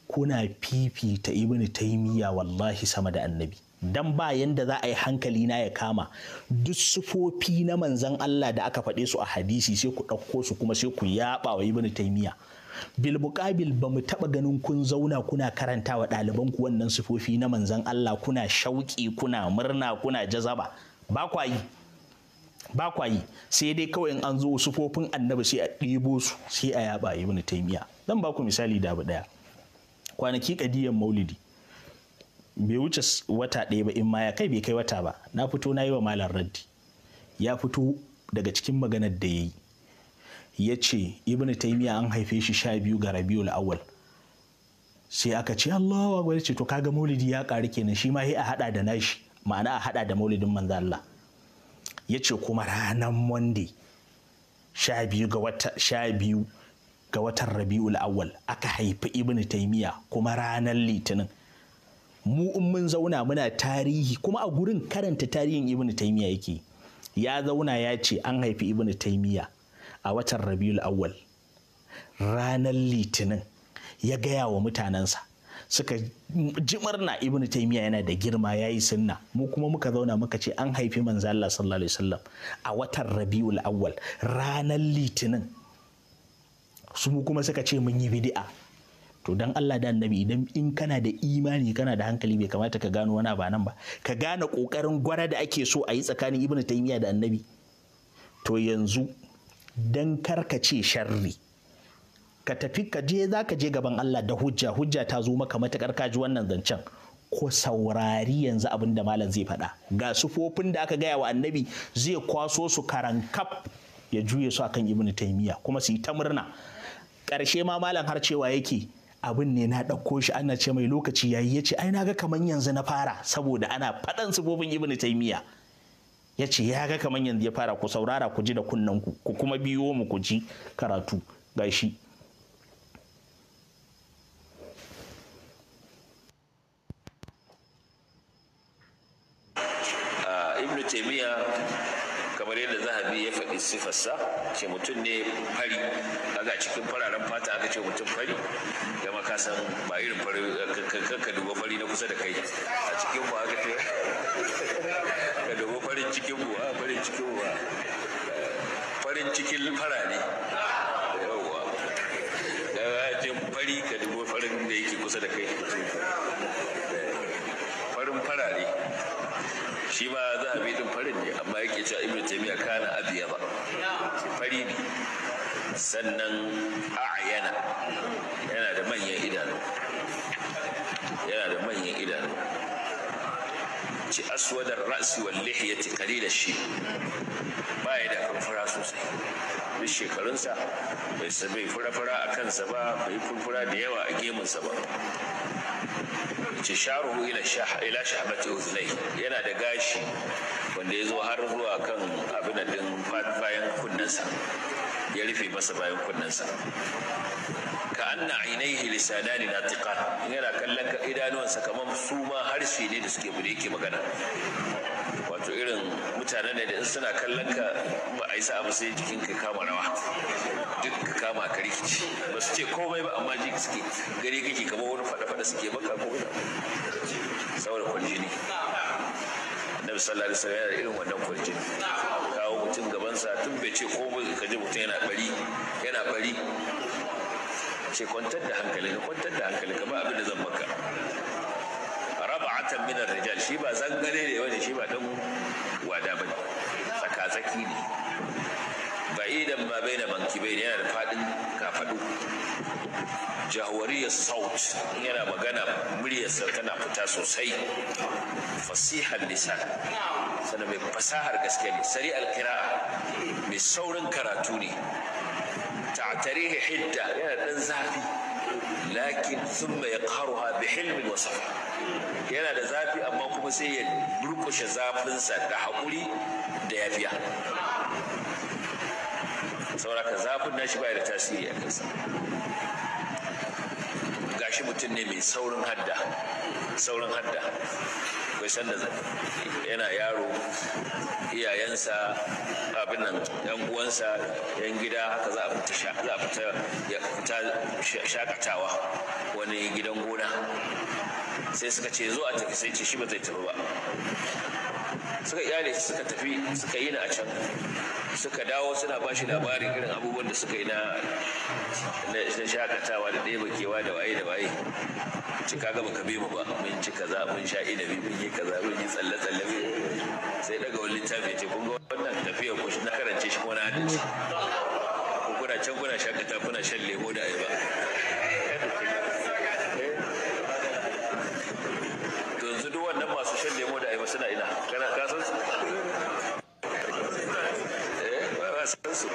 kuna fifita ibnu taimiyya wallahi sama da annabi dan ba yanda za a yi hankali na ya kama duk sufofi na manzan Allah da aka faɗe su a hadisi sai ku ɗauko su kuma sai ku yaɓa wa ibnu taimiya bil muqabil ba mu taɓa ganin kun zauna kuna karanta wa ɗaliban ku wannan sufofi na manzan Allah kuna shauƙi kuna murna kuna jazaba ba kwa yi sai dai kawai in an zo sufofin annabi sai a ɗebo su sai a yaɓa ibnu taimiya zan ba ku misali da abu ɗaya kwanaki kadiyan maulidi bai wuce wata ɗaya ba in ma ya kai bai kai wata ba na fito na yi wa malam raddi ya fito daga cikin maganar da ya yi ya ce ibn taimiya an haife shi sha biyu ga rabiul awwal sai aka ce Allahu gwada ce to kaga maulidi ya ƙari kenan shi ma sai a hada da nashi ma'ana a hada da maulidin manzo Allah ya ce kuma ranar monday sha biyu ga wata sha biyu ga watan rabi'ul awwal aka haifi ibn taimiya kuma ranar litinin mu in mun zauna muna tarihi kuma a gurin karanta tarihin ibn taimiya yake ya zauna ya ce an haifi ibn taimiya a watan rabi'ul awwal ranar litinin ya gaya wa mutanensa suka jimar na Ibn taimiya yana da girma ya yi sunna mu kuma muka zauna muka ce an haifi manzo Allah sallallahu alaihi wasallam a watan rabiul awwal ranar litinin su kuma suka ce mun yi bidi'a. to dan Allah da annabi idan in kana da imani kana da hankali bai kamata ka gano wani ba nan ba ka gane kokarin gwara da ake so a yi tsakanin ibnu taymiya da annabi to yanzu dan karkace sharri ka tafi ka je za ka je gaban Allah da hujja hujja ta zo maka matakar ji wannan zancen ko saurari yanzu abin da malam zai faɗa ga sufofin da aka gaya wa annabi zai kwaso su karankaf ya juye su akan ibnu taymiya kuma su yi ta murna ƙarshe ma malam har cewa yake abin ne na ɗauko shi ana ce mai lokaci yayi ya ce ai na ga kamar yanzu na fara saboda ana faɗan sifofin Ibn taimiya ya ce ya ga kamar yanzu ya fara ku saurara ku ji da kunnen ku ku kuma biyo mu ku ji karatu gashi ah, ibn taimiya kamar yadda zahabi ya faɗi sifarsa ce mutum ne fari ga cikin fararen fata aka ce mutum fari da makasan ba irin fari ka duba fari na kusa da kai a cikin ba aka ce ka duba farin cikin buwa farin cikin buwa farin cikin fara ne yawwa da fari ka duba farin da yake kusa da kai farin fara ne shi ma za a bi din farin ne amma yake cewa ibn taymiya kana abiya ba fari ne sannan a'yana yana da manyan idanu yana da manyan idanu ci aswadar ra'si wal lihyati qalila shi ya da kamfura sosai duk shekarunsa bai bai furafura a kansa ba bai furfura da yawa a gemunsa ba ce sharuhu ila ila shahbati uzlai yana da gashi wanda ya zo har zuwa kan abin da bayan kunnansa ya rufe masa bayan kunnensa ka anna ainihi lisanani natiqan yana kallon ka idanuwansa kamar su ma harshe ne da suke bude yake magana wato irin mutane ne da in suna kallon ka ba a yi sa'a ba sai jikin ka kama rawa duk ka kama ka rikici ba su ce komai ba amma jiki suke gari kake kamar wani fada-fada suke baka ko saboda kwanjini annabi sallallahu alaihi wasallam yana irin wannan kwanjini kawo mutum gabansa tun bai ce ko ka ji mutum yana bari yana bari ce kwantar da hankali ka kwantar da hankali ka ba abin da zan maka Raba min minar rijal shi ba zangare ne bane shi ba dan wada bane tsaka tsaki ne Ba idan ma baina bankibai yana da fadin kafadu jahwariyar saut yana magana muryarsa tana fita sosai fasihar lisan sannan mai fasahar gaske ne sari alkira mai saurin karatu ne ta tarihi hidda yana ɗan zafi lakin sun mai karuwa bi hilmin wasu yana da zafi amma kuma sai ya burkushe zafinsa da haƙuri da yafiya sauraka zafin nashi baya da tasiri a kansa shi mutum ne mai saurin hadda saurin hadda san da yana yaro iyayensa abin nan yan uwansa yan gida haka za a fita shakatawa wani gidan gona sai suka ce zo a tafi sai ce shi ba zai tafi ba suka iyale shi suka tafi suka yi na a can suka dawo suna ba shi labarin irin abubuwan da suka yi na shakatawa da ɗaya bakewa da waye da waye cika gaba ka bi mu ba mun ci kaza mun sha inabi mun yi kaza mun yi tsalle tsalle sai daga wani littafi ya ce kun ga wannan tafiyar ku na karance shi ko na hadin shi. kuna can kuna shakata kuna shan lemo da ayaba suna ina kana kasan su eh ba san su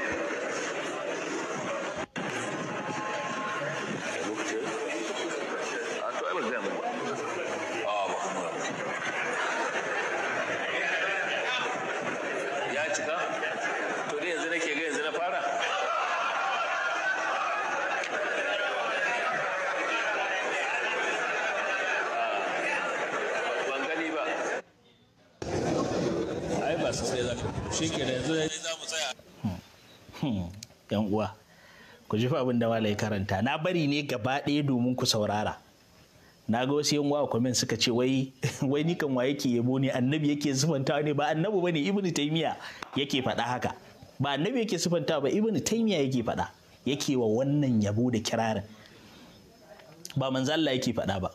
ku ji abin da malai karanta na bari ne gaba ɗaya domin ku saurara na ga wasu yanwa a kwamen suka ce wai wai ni kan wa yake yabo ne annabi yake sifanta ne ba annabi bane ibn taymiya yake faɗa haka ba annabi yake sifanta ba ibn taymiya yake faɗa yake wa wannan yabo da kirarin ba manzo Allah yake faɗa ba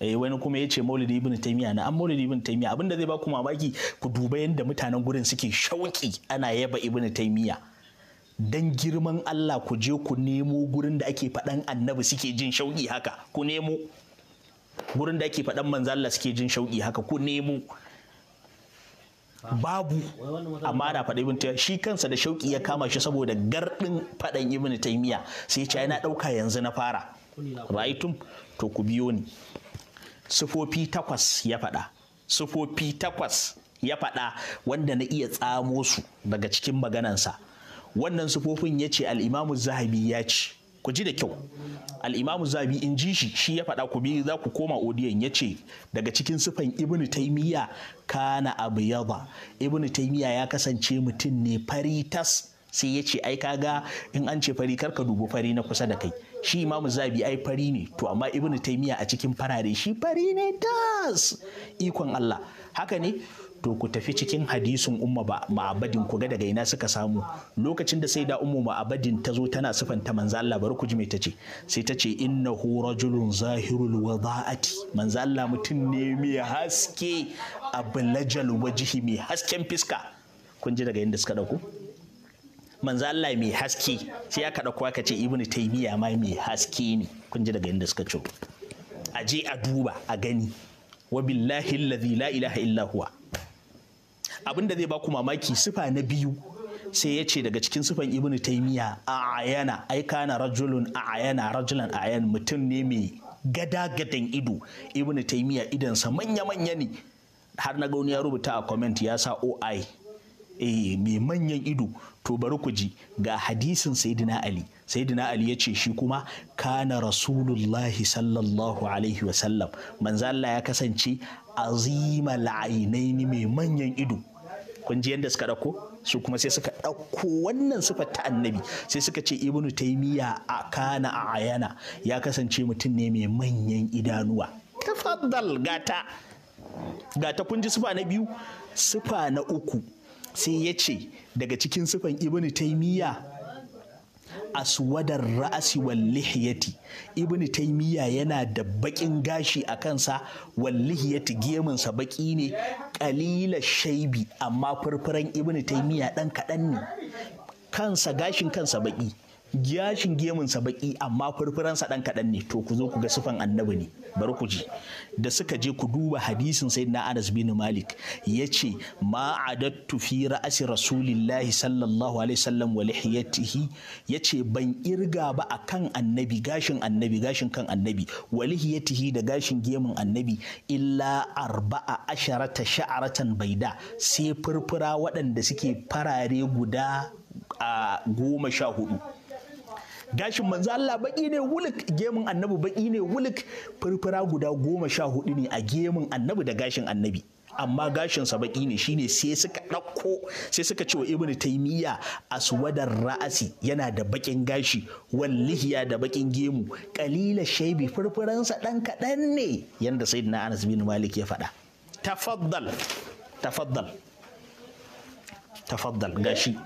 eh wani kuma yace maulidi ibn taymiya na an maulidi ibn taymiya abinda zai ba ku mamaki ku duba yanda mutanen gurin suke shauki ana yaba ibn taymiya dan girman Allah ku je ku nemo gurin da ake faɗan annabi suke jin shauƙi haka ku nemo gurin da ake faɗan manzo Allah suke jin shauƙi haka ku nemo babu amma da faɗa ibn shi kansa da shauƙi ya kama shi saboda gardin faɗan ibn taymiya sai ya na ɗauka yanzu na fara ra'aytum to ku biyo ni sufofi takwas ya faɗa sufofi takwas ya faɗa wanda na iya tsamo su daga cikin maganansa wannan sufofin ya ce al'imamu zahabi ya ce ku ji da kyau al'imamu zahabi in ji shi shi ya faɗa ku bi za ku koma odiyan ya ce daga cikin sufan ibnu taimiyya kana abu yaba ibnu taimiyya ya kasance mutum ne fari tas sai ya ce ai kaga in an ce fari karka dubi fari na kusa da kai shi imamu zabi ai fari ne to amma ibnu taimiya a cikin farare shi fari ne tas ikon Allah haka ne to ku tafi cikin hadisin umma ba ma'abadin ku ga daga ina suka samu lokacin da sai da ummu ma'abadin ta zo tana sifanta manzo Allah bari ku ji me tace sai tace innahu rajulun zahirul wada'ati manzo Allah mutum ne mai haske ablajal wajhi mai hasken fiska kun ji daga inda suka dauko manzo Allah mai haske sai ya kada kuwa ce ibnu taymiya ma mai haske ne kun ji daga inda suka ce a je a duba a gani wa billahi allazi la ilaha illa huwa abin da zai ba ku mamaki sifa na biyu sai ya ce daga cikin sufan ibnu taimiya a ayana ai kana rajulun a ayana rajulan ayan mutum ne mai gada-gadan ido ibnu taimiya idansa manya-manya ne har na gauni ya rubuta a comment ya sa oi eh mai manyan ido to bari ku ji ga hadisin sayyidina ali sayyidina ali ya ce shi kuma kana rasulullahi sallallahu alaihi wasallam manzo Allah ya kasance azima ainaini mai manyan ido kun ji yadda suka ɗauko su kuma sai suka ɗauko wannan sifar ta annabi sai suka ce ibnu taimiya a kana a ayana ya kasance mutum ne mai manyan idanuwa tafaddal gata gata kun ji sifa na biyu sufa na uku sai ya ce daga cikin sufan ibnu taimiya aswadar ra'asi wallihiyati lihiyati ibnu taymiya yana da bakin gashi a kansa wallihiyati gemunsa baki ne Kalila shaibi amma furfuran Ibn taymiya dan kadan ne kansa gashin kansa baki gashin gemunsa baki amma furfuransa dan kadan ne to ku zo ku ga sifan annabi ne bari ku ji da suka je ku duba hadisin na Anas bin Malik yace ma adattu fi ra'asi rasulillahi sallallahu alaihi wasallam wa lihiyatihi yace ban irga ba akan annabi gashin annabi gashin kan annabi wa lihiyatihi da gashin gemun annabi illa arba'a asharata sha'aratan baida sai furfura waɗanda suke farare guda a goma sha hudu gashin manzo Allah baki ne wulik gemun annabi baki ne wulik furfura guda goma sha hudu ne a gemun annabi da gashin annabi amma gashinsa baki ne shine sai suka dauko sai suka ce wa ibnu taimiyya aswadar ra'asi yana da bakin gashi wallihiya da bakin gemu kalila shaibi sa dan kaɗan ne yanda sayyidina anas bin malik ya faɗa tafaddal tafaddal tafaddal gashi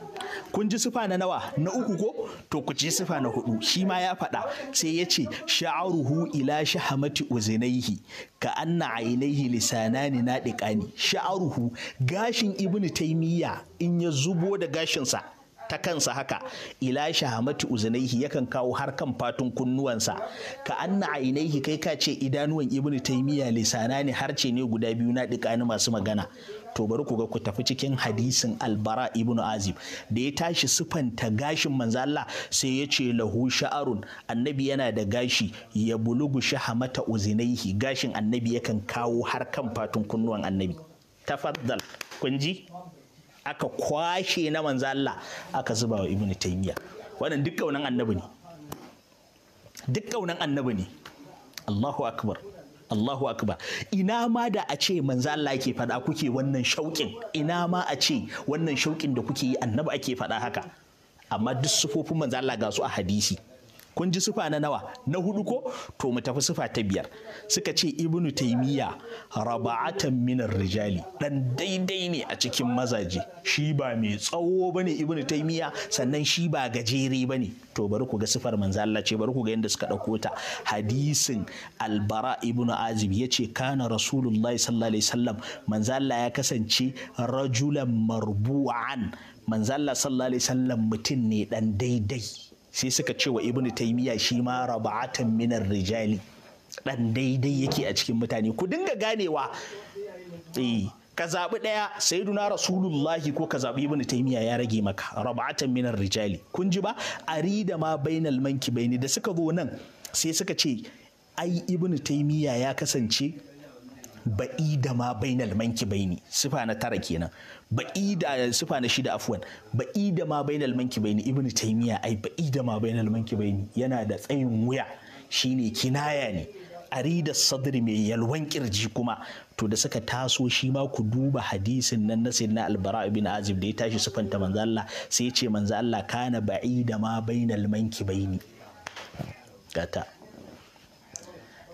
kun ji sifa na nawa na uku ko to ku ci sifa na hudu shi ma ya faɗa sai ya ce sha'aruhu ila shahamati uzinaihi ka anna ainihi lisanani na diqani sha'aruhu gashin ibnu taymiya in ya zubo da gashinsa ta kansa haka ila shahamati uzinaihi yakan kawo har kan fatun kunnuwansa ka anna ainihi kai ka ce idanuwan ibnu taymiya lisanani harce ne guda biyu na diqani masu magana to bari ku ga ku tafi cikin hadisin albara ibnu azib da ya tashi sifanta gashin manzo Allah sai ya ce lahu sha'arun annabi yana da gashi ya bulugu shahamata uzinaihi gashin annabi yakan kawo har kan fatun kunnuwan annabi tafaddal kun ji aka kwashe na manzo Allah aka zuba wa ibnu taymiya wannan duk kaunan annabi ne duk kaunan annabi ne Allahu akbar Allahu akbar ina ma da a ce manzo Allah yake faɗa kuke wannan shauƙin ina ma a ce wannan shauƙin da kuke yi annabi ake faɗa haka amma duk sufofin manzo Allah ga su a hadisi kun ji sufa na nawa na hudu ko to mu tafi sufa ta biyar suka ce ibnu taymiya raba'atan minar rijali dan daidai ne a cikin mazaje shi ba mai tsawo bane ibnu taymiya sannan shi ba gajere bane to bari ku ga sufar manzo Allah ce bari ku ga yadda suka dauko ta hadisin albara ibnu azib yace kana rasulullahi sallallahu alaihi wasallam manzo Allah ya kasance rajulan marbu'an manzo Allah sallallahu alaihi wasallam mutum ne dan daidai sai suka ce wa ibnu taimiyya shi ma raba'atan minar rijali dan daidai yake a cikin mutane ku dinga ganewa eh ka zaɓi ɗaya sayyiduna rasulullahi ko ka zaɓi ibnu taimiyya ya rage maka raba'atan minar rijali kun ji ba arida ma bainal manki baini da suka zo nan sai suka ce ai ibnu taimiyya ya kasance ba'i da ma bainal manki baini sifa na tara kenan ba'i da sifa na shida afwan ba'i da ma bainal manki baini ibnu taymiya ai ba'i da ma bainal manki baini yana da tsayin wuya shine kinaya ne arida sadri mai yalwan kirji kuma to da suka taso shi ma ku duba hadisin nan na sayyidina albara ibn azib da ya tashi sufanta manzo Allah sai ya ce manzo Allah kana ba'ida ma bainal manki baini gata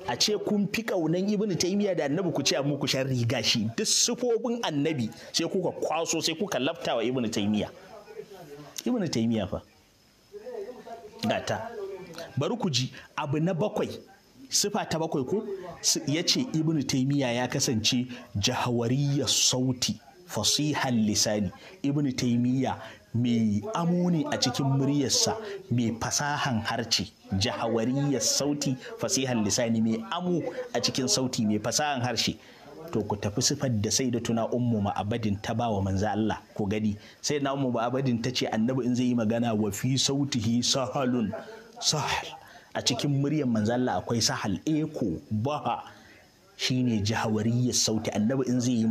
a ce kun fi ƙaunan ibnu taimiyya da annabi ku ce ku muku riga shi. duk sifofin annabi sai kuka kwaso sai kuka lafta wa ibnu taimiyya ibnu taimiyya fa gata bari ku ji abu na bakwai sifa ta bakwai ko ya ce ibnu taimiyya ya kasance jahawariyar sauti fasihan lisani ibnu taimiyya mai amoni a cikin muryarsa mai fasahan harce jahawariyar sauti fasihan lisani mai amu a cikin sauti mai fasahan harshe to ku tafi sifar da sai da tuna ummu ma'abadin ta ba wa manzo Allah ku gani sai na ummu ma'abadin ta ce annabi in zai yi magana wa fi sautihi sahalun sahal a cikin muryar manzo Allah akwai sahal eko eh baha shine ya sauti annabi in zai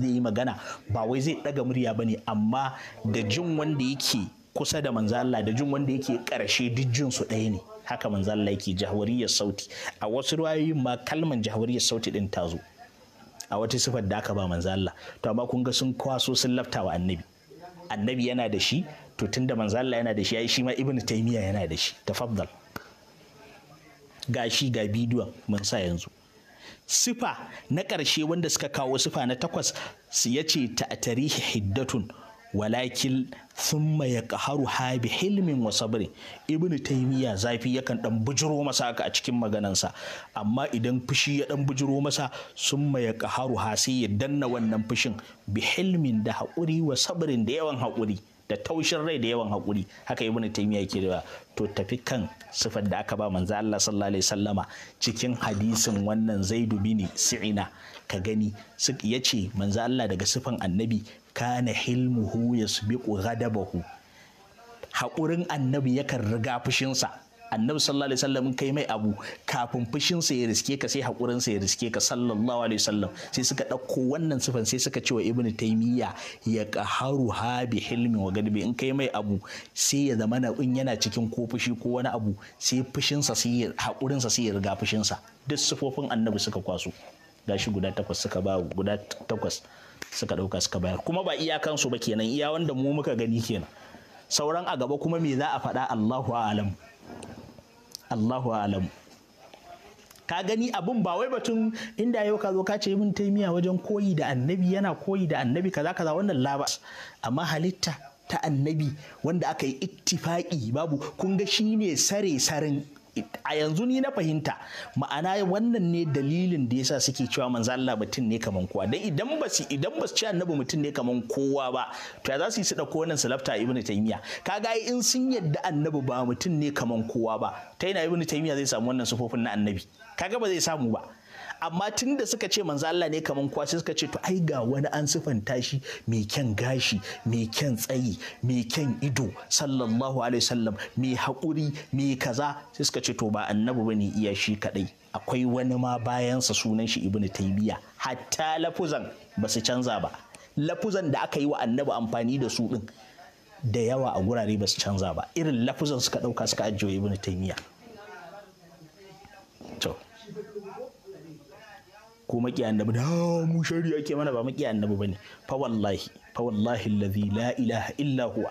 yi magana ba wai zai daga murya ba ne amma da jin wanda yake kusa da manzo da jin wanda yake karshe duk jin su ɗaya ne haka manzo Allah yake ya sauti a wasu ruwayoyin ma kalman ya sauti din ta zo a wata sifar da aka ba manzalla Allah to amma kun ga sun kwaso sun lafta wa annabi annabi yana da shi to tunda da Allah yana da shi ai shi ma ibnu taymiya yana da shi tafaddal shi ga bidiyon mun sa yanzu sifa na ƙarshe wanda suka kawo sifa na takwas su ya ce ta a tarihi hiddatun walakin sun ya ƙaharu ha bi hilmin wa sabri ibn taimiyya zafi yakan ɗan bujiro masa haka a cikin maganansa amma idan fushi ya ɗan bujiro masa sun ya ƙaharu ha sai ya danna wannan fushin bi hilmin da haƙuri wa sabrin da yawan haƙuri da taushin rai da yawan haƙuri haka wani Taimiyya ke da to tafi kan sifar da aka ba manzo Allah sallallahu alaihi wasallama cikin hadisin wannan zaidu bin si'ina ka gani yace manzo Allah daga sifan annabi kana hilmuhu yasbiqu ghadabahu haƙurin annabi yakan riga fushinsa annabi sallallahu alaihi wasallam kai mai abu kafin fushin sa ya riske ka sai hakurin sa ya riske ka sallallahu alaihi wasallam sai suka ɗauko wannan sifan sai suka ce wa ibnu taymiya ya qaharu ha bi hilmi wa gadbi in kai mai abu sai ya zama na in yana cikin ko fushi ko wani abu sai fushin sa sai hakurin sa sai ya riga fushin sa duk sifofin annabi suka kwaso gashi guda takwas suka ba guda takwas suka ɗauka suka bayar kuma ba iyakansu ba kenan iya wanda mu muka gani kenan sauran a gaba kuma me za a faɗa Allahu a'lam Allahu alam ka gani abun ba wai batun inda yau ka zo ka ce mun taimiya wajen koyi da annabi yana koyi da annabi kaza kaza wannan labas amma halitta ta annabi wanda aka yi ittifaki babu kun ga shine sare saren a yanzu ni na fahimta ma'ana wannan ne dalilin da yasa suke cewa manzo Allah mutum ne kaman kowa dan idan ba su idan ba su ci annabi mutum ne kaman kowa ba to ya za su yi su dauko wannan salafta ibnu taymiya kaga in sun yadda annabi ba mutum ne kaman kowa ba ta ina ibnu taymiya zai samu wannan sufofin na annabi kaga ba zai samu ba amma tun da suka ce manzo Allah ne kaman kwashi suka ce to ai ga wani an sifanta shi mai kyan gashi mai kyan tsayi mai kyan ido sallallahu alaihi wasallam mai haƙuri mai kaza sai suka ce to ba annabi bane iya shi kadai akwai wani ma bayansa sunan shi ibnu taymiya hatta lafuzan ba su canza ba lafuzan da aka yi wa annabi amfani da su din da yawa a gurare ba su canza ba irin lafuzan suka ɗauka suka ajiye ibnu taymiya to ko maki annabi da ah, mu shari ake mana ba maki annabi bane fa wallahi fa wallahi allazi la ilaha illa huwa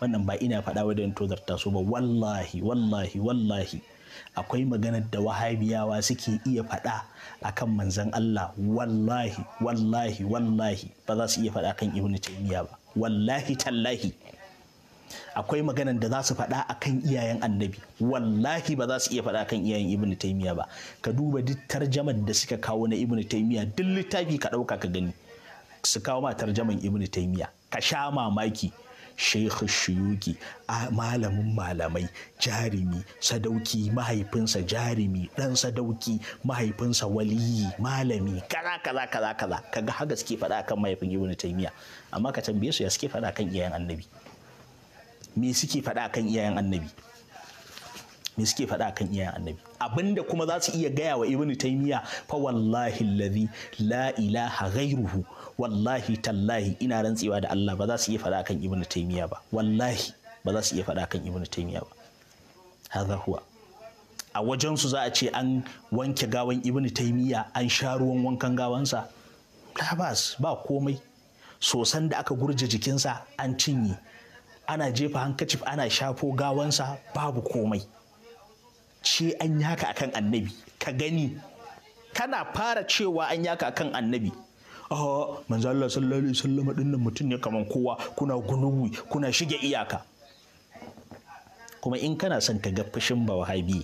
wannan ba ina faɗa wa tozarta su ba wallahi wallahi wallahi akwai maganar da wahabiyawa suke iya faɗa akan manzon Allah wallahi wallahi wallahi ba za su iya faɗa kan ibnu taymiya ba wallahi tallahi akwai maganan da za su faɗa a kan iyayen annabi wallahi ba za su iya faɗa kan iyayen ibnu taimiyya ba ka duba duk tarjamar da suka kawo na ibnu taimiyya duk littafi ka ɗauka ka gani su kawo ma tarjaman ibnu taimiyya ka sha mamaki Sheikh Shuyuki a malamin malamai jarimi sadauki mahaifinsa jarimi ɗan sadauki mahaifinsa waliyi malami kaza kaza kaza kaza kaga haka suke faɗa kan mahaifin Ibn Taymiyyah amma ka tambaye su ya suke faɗa kan iyayen Annabi me suke faɗa kan iyayen annabi me suke faɗa kan iyayen annabi abinda kuma za su iya gaya wa ibnu taymiya fa wallahi allazi la ilaha ghayruhu wallahi tallahi ina rantsewa da Allah ba za su iya faɗa kan ibnu taymiya ba wallahi ba za su iya faɗa kan ibnu taymiya ba hadha huwa a wajen su za a ce an wanke gawan ibnu taymiya an sha ruwan wankan gawansa labas ba komai sosan da aka gurje jikinsa an cinye ana jefa hankacif ana shafo gawansa babu komai ce an yaka akan annabi ka gani kana fara cewa an yaka akan annabi ah manzo Allah sallallahu alaihi wasallam dinnan mutum ne kaman kowa kuna gunubi kuna shige iyaka kuma in kana son ka ga fushin bawahabi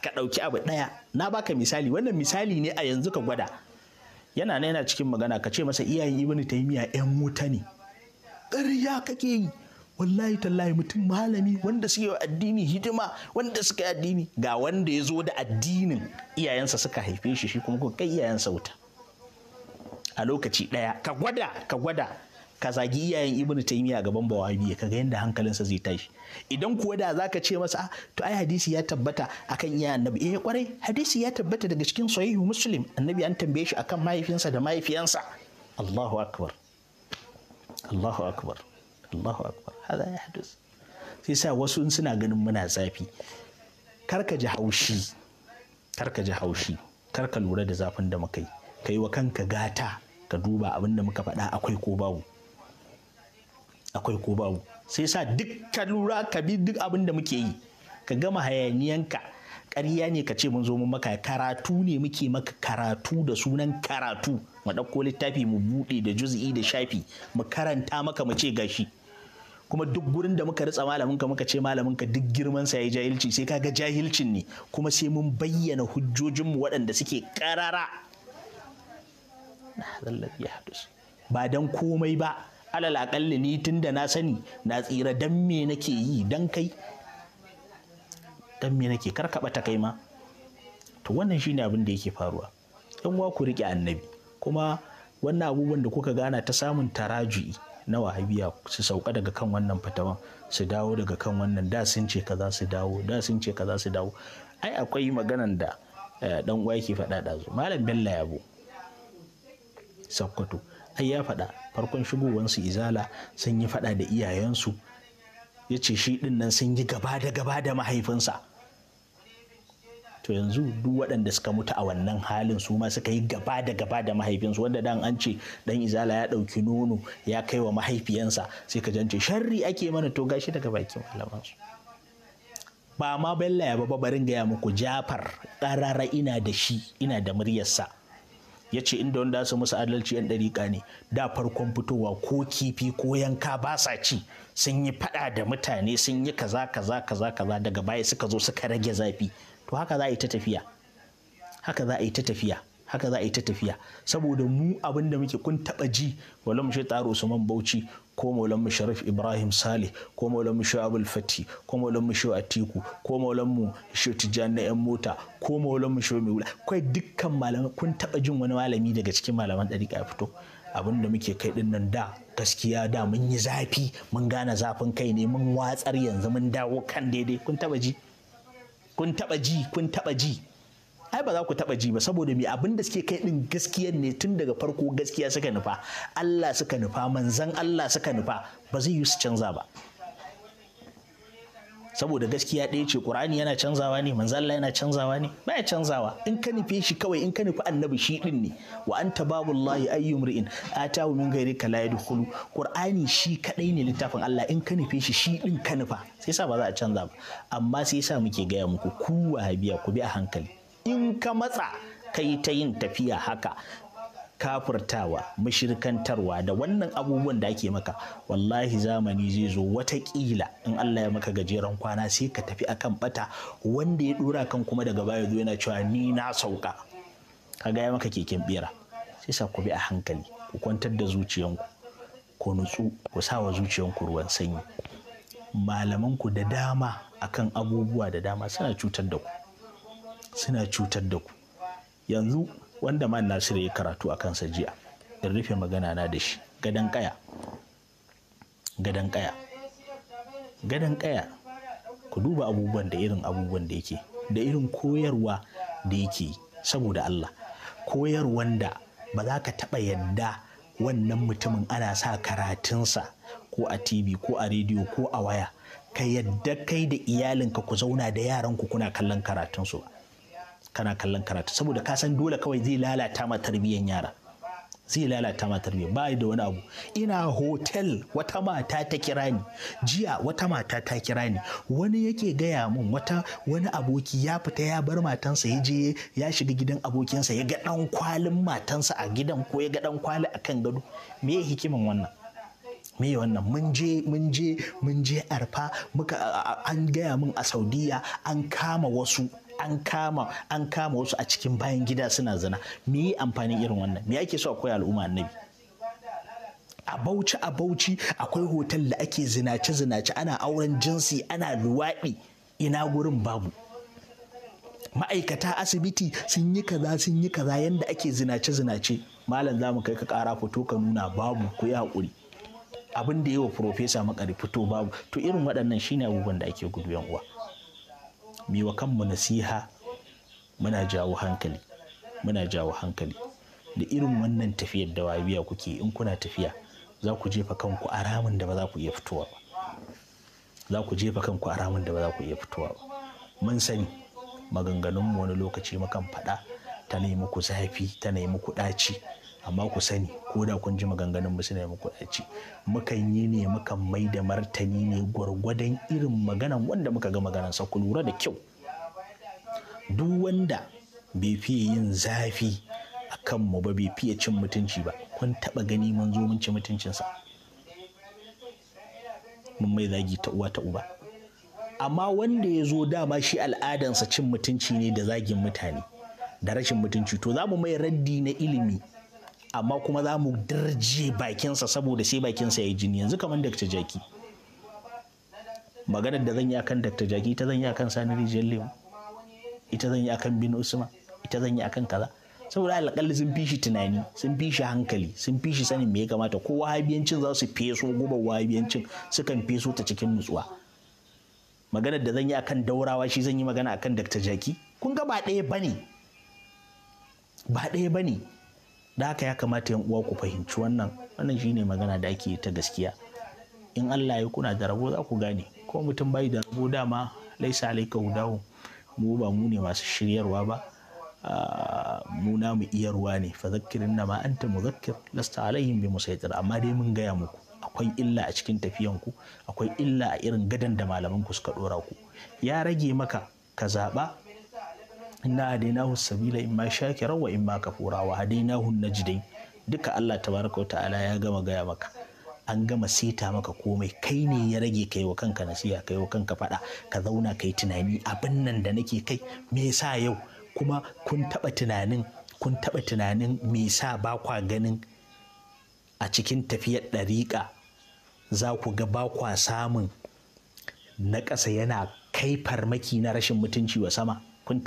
ka ɗauki abu ɗaya na baka misali wannan misali ne a yanzu ka gwada yana na yana cikin magana ka ce masa iyayen ibnu taymiya yan wuta ne ƙarya kake yi wallahi tallahi mutum malami wanda suke wa addini hidima wanda suka yi addini ga wanda ya zo da addinin iyayensa suka haife shi shi kuma kai iyayensa wuta a lokaci ɗaya ka gwada ka gwada ka zagi iyayen ibnu taymiya gaban ka ga yanda hankalinsa zai tashi idan kuwa da zaka ce masa ah, to ai hadisi ya tabbata akan iyayen annabi eh kwarai hadisi ya tabbata daga cikin sahihu muslim annabi an tambaye shi akan mahaifinsa da mahaifiyansa Allahu akbar Allahu akbar Allahu akbar hada ya hadus sai sa wasu in suna ganin muna zafi karka ji haushi karka ji haushi karka lura da zafin da muka yi kai wa kanka gata ka duba abin da muka faɗa akwai ko babu akwai ko babu sai sa duk ka lura ka bi duk abin da muke yi ka gama hayaniyanka ƙarya ne ka ce mun zo mun maka karatu ne muke maka karatu da sunan karatu mu ɗauko littafi mu buɗe da juz'i da shafi mu karanta maka mu ce gashi kuma duk gurin da muka ritsa malamin ka muka ce malamin ka duk girman sa yayi jahilci sai kaga jahilcin ne kuma sai mun bayyana hujjojin mu waɗanda suke karara ba dan komai ba alal aƙalli ni tun da na sani na tsira dan me nake yi dan kai dan me nake karkaba ta kai ma to wannan shine abin da yake faruwa yan uwa ku rike annabi kuma wannan abubuwan da kuka gana ta samun taraju'i na wahabiya su sauka daga kan wannan fatawan su dawo daga kan wannan da sun ce kaza su dawo da sun ce kaza su dawo ai akwai maganan da eh, dan uwa yake faɗa ɗazu malam bello yabo sakkwato ai ya faɗa farkon shigowansu izala sun yi faɗa da iyayensu ya ce shi ɗin nan sun yi gaba da gaba da mahaifinsa to yanzu duk waɗanda suka mutu a wannan halin su ma suka yi gaba da gaba da mahaifinsu wanda dan an ce dan izala ya ɗauki nono ya kai wa mahaifiyansa sai ka jance sharri ake mana to gashi daga bakin malamansu ba ma bella ya ba barin gaya muku jafar ƙarara ina da shi ina da muryarsa ya ce inda wanda su musu adalci yan ɗariƙa ne da farkon fitowa ko kifi ko yanka ba sa ci sun yi faɗa da mutane sun yi kaza kaza kaza kaza daga baya suka zo suka rage zafi to haka za a yi ta tafiya haka za a yi ta tafiya haka za a yi ta tafiya saboda mu abin da muke kun taba ji maulan mushi taro usman bauchi ko maulan mu sharif ibrahim saleh ko maulan mu Abul fati ko maulan mu atiku ko maulan mu Tijjani na yan mota ko maulan mu shu mai kai dukkan malamai kun taba jin wani malami daga cikin malaman dariƙa ya fito abin da muke kai dinnan da gaskiya da mun yi zafi mun gane zafin kai ne mun watsar yanzu mun dawo kan daidai kun taba ji kun taba ji kun taba ji ai ba za ku taba ji ba saboda me abin da suke kai din gaskiyan ne tun daga farko gaskiya suka nufa Allah suka nufa manzan Allah suka nufa ba zai yi su canza ba saboda gaskiya ɗaya ce ƙur'ani yana canzawa ne manzan Allah yana canzawa ne ya canzawa in ka nufe shi kawai in ka nufi annabi shi din ne wa anta babullahi ayyum ri'in atahu min ghairi ka la yadkhulu ƙur'ani shi kadai ne littafin Allah in ka nufe shi shi din ka nufa sai sa ba za a canza ba amma sai sa muke gaya muku ku wahabiya ku bi a hankali in ka matsa kai ta yin tafiya haka kafurtawa mushirkantarwa da wannan abubuwan da ake maka wallahi zamani zai zo watakila in Allah ya maka gajeren kwana sai ka tafi akan bata wanda ya dora kan kuma daga baya zo yana cewa ni na sauka kaga ya maka keken bera sai sa ku bi a hankali ku kwantar da zuciyanku ku nutsu ku sa wa zuciyanku ruwan sanyi malamanku da dama akan abubuwa da dama suna cutar da ku suna cutar da ku yanzu wanda man nasiru ya karatu a kansa jiya in rufe magana na da shi gadon kaya gadon kaya gadon kaya ku duba abubuwan da irin abubuwan da yake da irin koyarwa da yake saboda Allah koyarwan da ba za ka taɓa yadda wannan mutumin ana sa karatunsa ko a tv ko a rediyo ko a waya ka yadda kai da iyalinka ku zauna da yaranku kuna kallon karatunsu ba kana kallon karatu saboda ka san dole kawai zai lalata ma tarbiyyar yara zai lalata ma tarbiyyar ba da wani abu ina hotel wata mata ta kira ni jiya wata mata ta kira ni wani yake gaya min wata wani aboki ya fita ya bar matansa ya je ya shiga gidan abokinsa ya ga dan kwalin matansa a gidan ko ya ga dan kwali a kan gado me hikimin wannan me wannan mun je mun je mun je arfa muka an gaya min a saudiya an kama wasu an kama an kama wasu a cikin bayan gida suna zina me yi amfanin irin wannan me ake so akwai al'umma annabi a bauchi a bauchi akwai hotel da ake zinace zinace ana auren jinsi ana luwaɗi ina gurin babu ma'aikata asibiti sun yi kaza sun yi kaza yanda ake zinace zinace malam zamu kai ka kara fito ka nuna babu ku yi hakuri. abin da yi wa profesa makari fito babu to irin waɗannan shine abubuwan da ake gudu yan uwa mi wa kanmu nasiha muna jawo hankali muna jawo hankali da irin wannan tafiyar da wabiya kuke in kuna tafiya za ku jefa kanku a ramin da ba za ku iya fitowa ba za ku jefa kanku a ramin da ba za ku iya fitowa ba mun sani maganganunmu wani lokaci mukan faɗa ta nemi ku zafi ta nemi ku ɗaci amma ku sani ko da kun ji maganganun mu suna muku ɗaci mukan yi ne mukan mai da martani ne gwargwadon irin maganan wanda muka ga maganan sa ku lura da kyau duk wanda bai fiye yin zafi a mu ba bai fiye cin mutunci ba kun taɓa gani mun zo mun ci mutuncinsa mun mai zagi ta uwa ta uba amma wanda ya zo dama shi al'adansa cin mutunci ne da zagin mutane da rashin mutunci to za mu mai raddi na ilimi amma kuma za mu darje bakinsa saboda sai bakinsa ya yi jini yanzu kamar Dr. Jaki maganar da zan yi akan Dr. Jaki ita zan yi akan Sani Rijiyar Lemu ita zan yi akan Bino Usman ita zan yi akan kaza saboda alƙalli sun fi shi tunani sun fi shi hankali sun fi shi sanin me ya kamata ko wahabiyancin za su feso gubar wahabiyancin sukan feso ta cikin nutsuwa maganar da zan yi akan daurawa shi zan yi magana akan Dr. Jaki kun ga ba ɗaya ne ba ɗaya ne. da haka ya kamata yan uwa ku fahimci wannan wannan shine magana da ake ta gaskiya in Allah ya kuna da rabo za ku gane ko mutum bai da rabo dama laisa alaika hudahu mu ba mu ne masu shiryarwa ba ah, mu namu iyarwa ne fa zakkirin na ma anta muzakkir lasta alaihim bi musaitir amma dai mun gaya muku akwai illa a cikin tafiyan ku akwai illa a irin gadan da malaman ku suka dora ku ya rage maka ka zaba inna hadainahu sabila imma shakira wa imma kafura wa hadainahu najdai duka Allah tabaraka wa ta'ala ya gama gaya maka an gama sita maka komai kai ne ya rage kai wa kanka nasiha kai wa kanka fada ka zauna kai tunani abin nan da nake kai me yasa yau kuma kun taba tunanin kun taba tunanin me yasa ba kwa ganin a cikin tafiyar dariƙa za ku ga ba kwa samun na ƙasa yana kai farmaki na rashin mutunci wa sama kun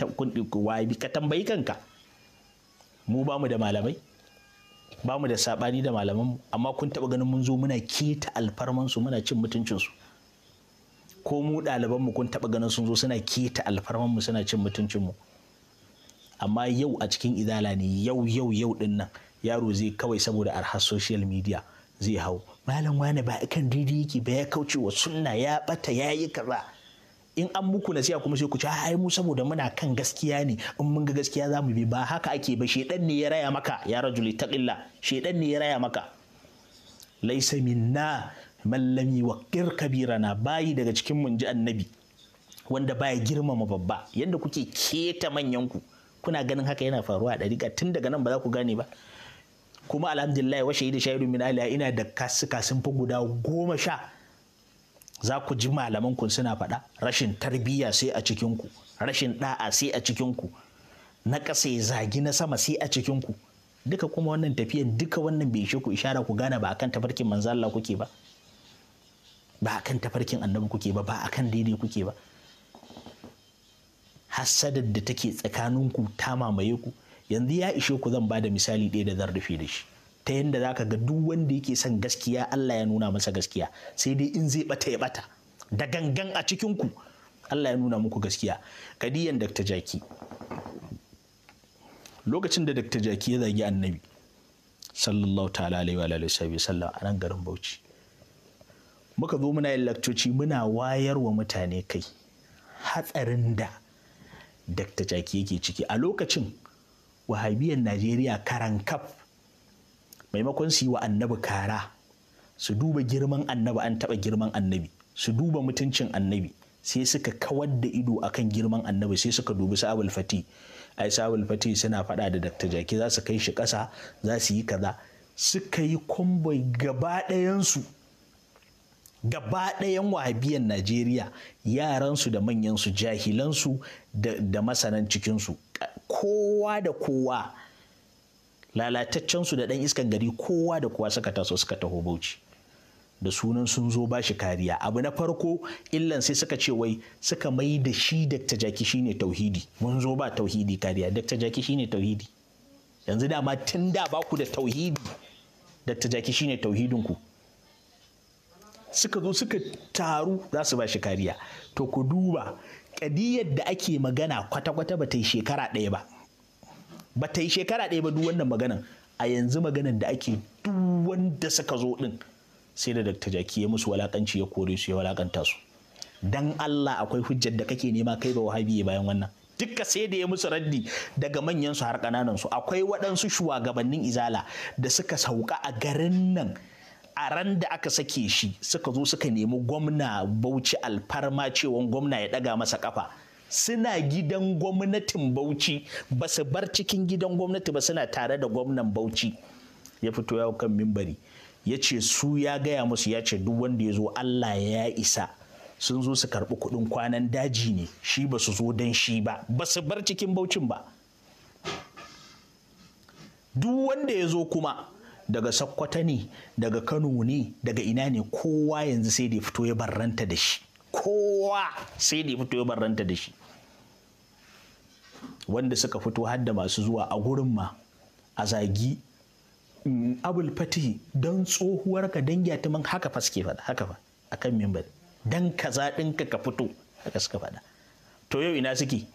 wabi ka tambayi kanka mu ba mu da malamai ba mu da sabani da malamanmu amma kun taba ganin mun zo muna keta su muna cin mutuncinsu ko mu mu kun taba ganin sun zo suna keta alfarman mu suna cin mutuncin mutuncinmu amma yau a cikin idala ne yau yau yau din nan yaro zai kawai saboda arha social media zai hau malam wane ba kan daidai yake ba ya kauce wa sunna ya bata ya yi kaza in an muku nasiha kuma sai ku ce ai mu saboda muna kan gaskiya ne in mun ga gaskiya za mu bi ba haka ake ba shedan ne ya raya maka ya rajuli taqilla shedan ne ya raya maka laysa minna man lam yuqir kabirana bayi daga cikin mun ji annabi wanda baya girmama babba yanda kuke keta manyan ku kuna ganin haka yana faruwa a dariƙa tun daga nan ba za ku gane ba kuma alhamdulillah wa shahidu shahidu min ina da kasuka sun fi guda goma sha za ku ji malaman ku suna faɗa rashin tarbiyya sai a cikinku rashin ɗa'a sai a cikin ku na ƙasa ya zagi na sama sai a cikinku ku duka kuma wannan tafiya duka wannan bai ku ishara ku gane ba akan tafarkin manzo Allah kuke ba ba akan tafarkin annabi kuke ba ba akan daidai kuke ba hassadar da take tsakaninku ta mamaye ku yanzu ya ishe ku zan ba da misali ɗaya da zan da shi ta yadda za ka ga duk wanda yake son gaskiya Allah ya nuna masa gaskiya sai dai in zai bata ya bata da gangan a cikinku Allah ya nuna muku gaskiya kadiyan Dr. Jaki lokacin da Dr. Jaki ya zagi annabi sallallahu ta'ala alaihi wa alihi sallam a nan garin Bauchi muka zo muna yin lakcoci muna wayar wa mutane kai hatsarin da Dr. Jaki yake ciki a lokacin wahabiyan Najeriya karankaf maimakon su yi wa annabi kara su duba girman annabi an taɓa girman annabi su duba mutuncin annabi sai suka kawar da ido akan girman annabi sai suka dubi sabul fati ai sabul fati suna faɗa da dakta jaki za su kai shi ƙasa za su yi kaza suka yi kumbai gaba su gaba ɗayan wahabiyan najeriya yaransu da manyansu jahilansu da masanan cikinsu kowa da kowa lalataccen su da ɗan iskan gari kowa da kowa suka taso suka taho bauchi da sunan sun zo ba shi kariya abu na farko illan sai suka ce wai suka mai da shi dakta jaki shine tauhidi mun zo ba tauhidi kariya dakta jaki shine tauhidi yanzu dama tun da ba ku da tauhidi dakta jaki shine tauhidin ku suka zo suka taru za su ba shi kariya to ku duba kadiyar da ake magana kwata-kwata ba ta yi shekara ɗaya ba ba ta yi shekara ɗaya ba duk wannan maganan a yanzu maganan da ake duk wanda suka zo ɗin sai da Dr. Jaki ya musu walakanci ya kore su ya walakanta su dan Allah akwai hujjar da kake nema kai ba wahabi bayan wannan duka sai da ya musu raddi daga manyan su har kananan su akwai waɗansu shugabannin izala da suka sauka a garin nan a ran da aka sake shi suka zo suka nemi gwamna Bauchi alfarma cewa gwamna ya ɗaga masa kafa suna gidan gwamnatin bauchi ba su bar cikin gidan gwamnati ba suna tare da gwamnan bauchi ya fito yawo kan mimbari ya ce su ya gaya musu ya ce duk wanda ya zo allah ya isa sun zo su karɓi kuɗin kwanan daji ne shi ba su zo don shi ba ba su bar cikin baucin ba duk wanda ya zo kuma daga sakkwata ne daga kano ne daga ina ne kowa yanzu sai da ya fito ya barranta da shi kowa sai da ya fito ya barranta da shi wanda suka fito har da masu zuwa a gurin ma a zagi mm, abul fatih don tsohuwar ka ta man haka fa suke faɗa haka fa akan mimbar dan kaza ɗinka ka fito haka suka faɗa to yau ina suke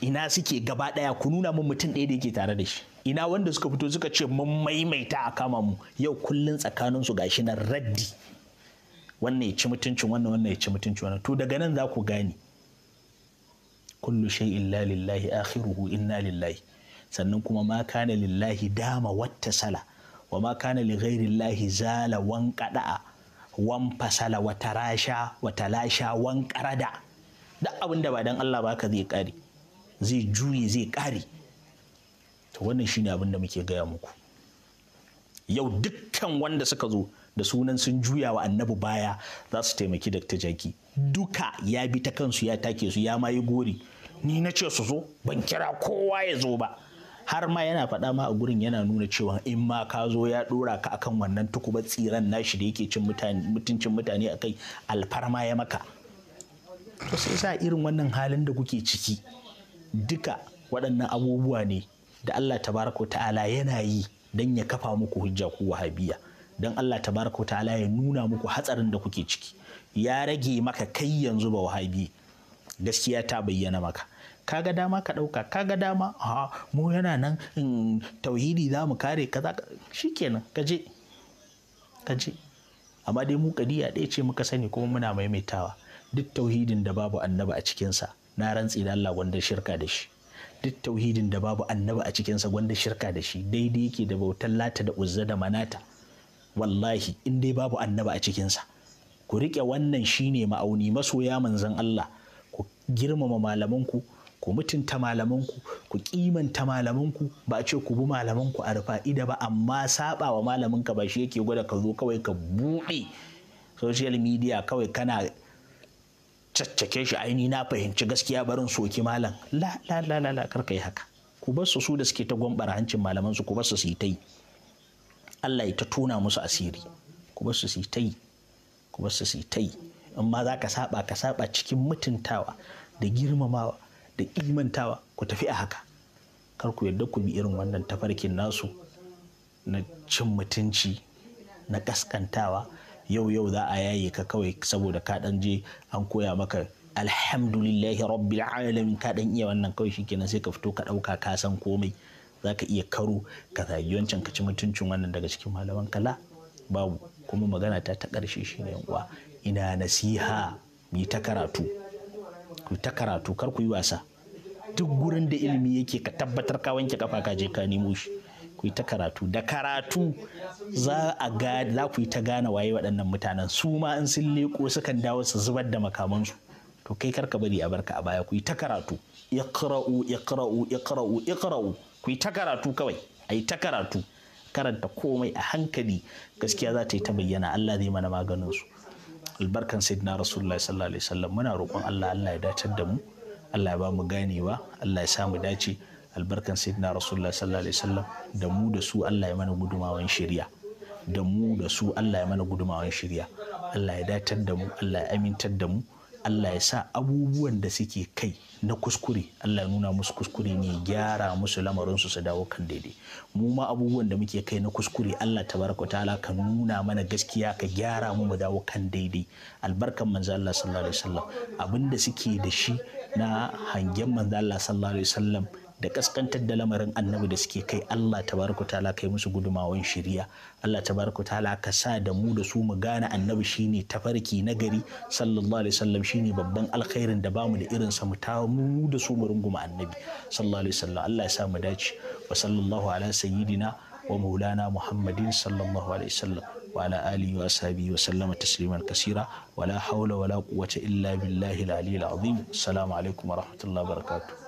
ina suke gaba ɗaya ku nuna min mutum ɗaya da yake tare da shi ina wanda suka fito suka ce mun maimaita a kama mu yau kullun tsakanin su gashi na raddi wannan ya ci mutuncin wannan wannan ya ci mutuncin wannan to daga nan za ku gane kullu shay illa lillahi akhiruhu inna lillahi sannan kuma ma kana lillahi dama wata sala wa ma kana li llahi zala wan qada'a wan fasala wa tarasha wa talasha wan qarada duk abin da ba dan Allah ba ka zai kare zai juye zai kare to wannan shine abin da muke gaya muku yau dukkan wanda suka zo da sunan sun juya wa annabi baya za su taimaki Dr. Jaki duka ya bi ta kansu ya take su ya ma yi gori ni na ce su zo ban kira kowa ya zo ba har ma yana faɗa ma a gurin yana nuna cewa in ma ka zo ya ɗora ka akan wannan tukuba tsiran nashi da yake cin mutuncin mutane a kai alfarma ya maka sai sa irin wannan halin da kuke ciki duka waɗannan abubuwa ne da Allah tabaraka ta'ala yana yi don ya kafa muku hujja ku wahabiya don Allah tabaraka ta'ala ya nuna muku hatsarin da kuke ciki ya rage maka kai yanzu ba wahabi gaskiya ta bayyana maka kaga dama ka ɗauka kaga dama ha mu yana nan tauhidi za mu kare kaza shikenan ka je ka je amma dai mu kadiya ɗaya ce muka sani kuma muna maimaitawa duk tauhidin da babu annabi a cikinsa na rantsi da Allah gwanda shirka da shi duk tauhidin da babu annabi a cikinsa gwanda shirka da shi daidai yake da bautar lata da uzza da manata wallahi in dai babu annabi a cikinsa ku riƙe wannan shine ma'auni masoya manzan Allah ku girmama malamanku ku mutunta malamanku ku kimanta malamanku ba a ce ku bi malamanku a rufa ida ba amma saba wa malaminka ba shi yake gwada ka zo kawai ka buɗe social media kawai kana caccake shi aini na fahimci gaskiya barin soki malam la la la la karka yi haka ku bar su su da suke ta gwambara hancin malamansu su ku bar su yi ta yi Allah ya ta tona musu asiri ku bar su yi ta yi kuma su su ta yi in ma za ka saba ka saba cikin mutuntawa da girmamawa da imantawa ku tafi a haka kar ku yarda ku bi irin wannan tafarkin nasu na cin mutunci na kaskantawa yau yau za a yaye ka kawai saboda ka dan je an koya maka alhamdulillahi rabbil alamin ka dan iya wannan kawai shikenan sai ka fito ka dauka ka san komai zaka iya karo ka zagi wancan ka ci mutuncin wannan daga cikin malaman kala babu kuma magana ta ta ƙarshe shi ne uwa ina nasiha mu ta karatu ku ta karatu kar ku yi wasa duk gurin da ilimi yake ka tabbatar ka wanke kafa ka je ka nemo shi ku yi ta karatu da karatu za a ga la ku yi ta gane waye waɗannan mutanen su ma in sun leko sukan dawo su zubar da makamansu to kai kar ka bari a barka a baya ku ta karatu iqra'u iqra'u iqra'u iqra'u ku yi ta karatu kawai a ta karatu karanta komai a hankali gaskiya za ta yi ta bayyana Allah zai mana maganin su albarkan sayyidina rasulullahi sallallahu alaihi wasallam muna roƙon Allah Allah ya dacar da mu Allah ya ba mu ganewa Allah ya sa mu dace albarkan sayyidina rasulullahi sallallahu alaihi wasallam da mu da su Allah ya mana gudumawan shari'a da mu da su Allah ya mana gudumawan shari'a Allah ya datar da mu Allah ya amintar da mu Allah ya sa abubuwan da suke kai na kuskure Allah ya nuna musu kuskure ne gyara musu lamarinsu su dawo kan daidai mu ma abubuwan da muke kai na kuskure Allah tabaraka ta'ala ka nuna mana gaskiya ka gyara mu mu dawo kan daidai albarkan manzo Allah sallallahu alaihi wasallam abinda suke da shi na hangen manzo Allah sallallahu alaihi wasallam da kaskantar da lamarin annabi da suke kai Allah tabaraka ta'ala kai musu gudumawan shiriya Allah tabaraka ta'ala ka sa da mu da su mu gane annabi shine tafarki na gari sallallahu alaihi wasallam shine babban alkhairin da bamu da irin sa mu ta mu da su mu runguma annabi sallallahu alaihi wasallam Allah ya sa mu dace wa sallallahu ala sayyidina wa maulana muhammadin sallallahu alaihi wasallam wa ala alihi wa sahbihi wa sallama tasliman kasira wa la hawla wala la quwwata illa billahi al-aliyyil azim assalamu alaikum wa rahmatullahi wa barakatuh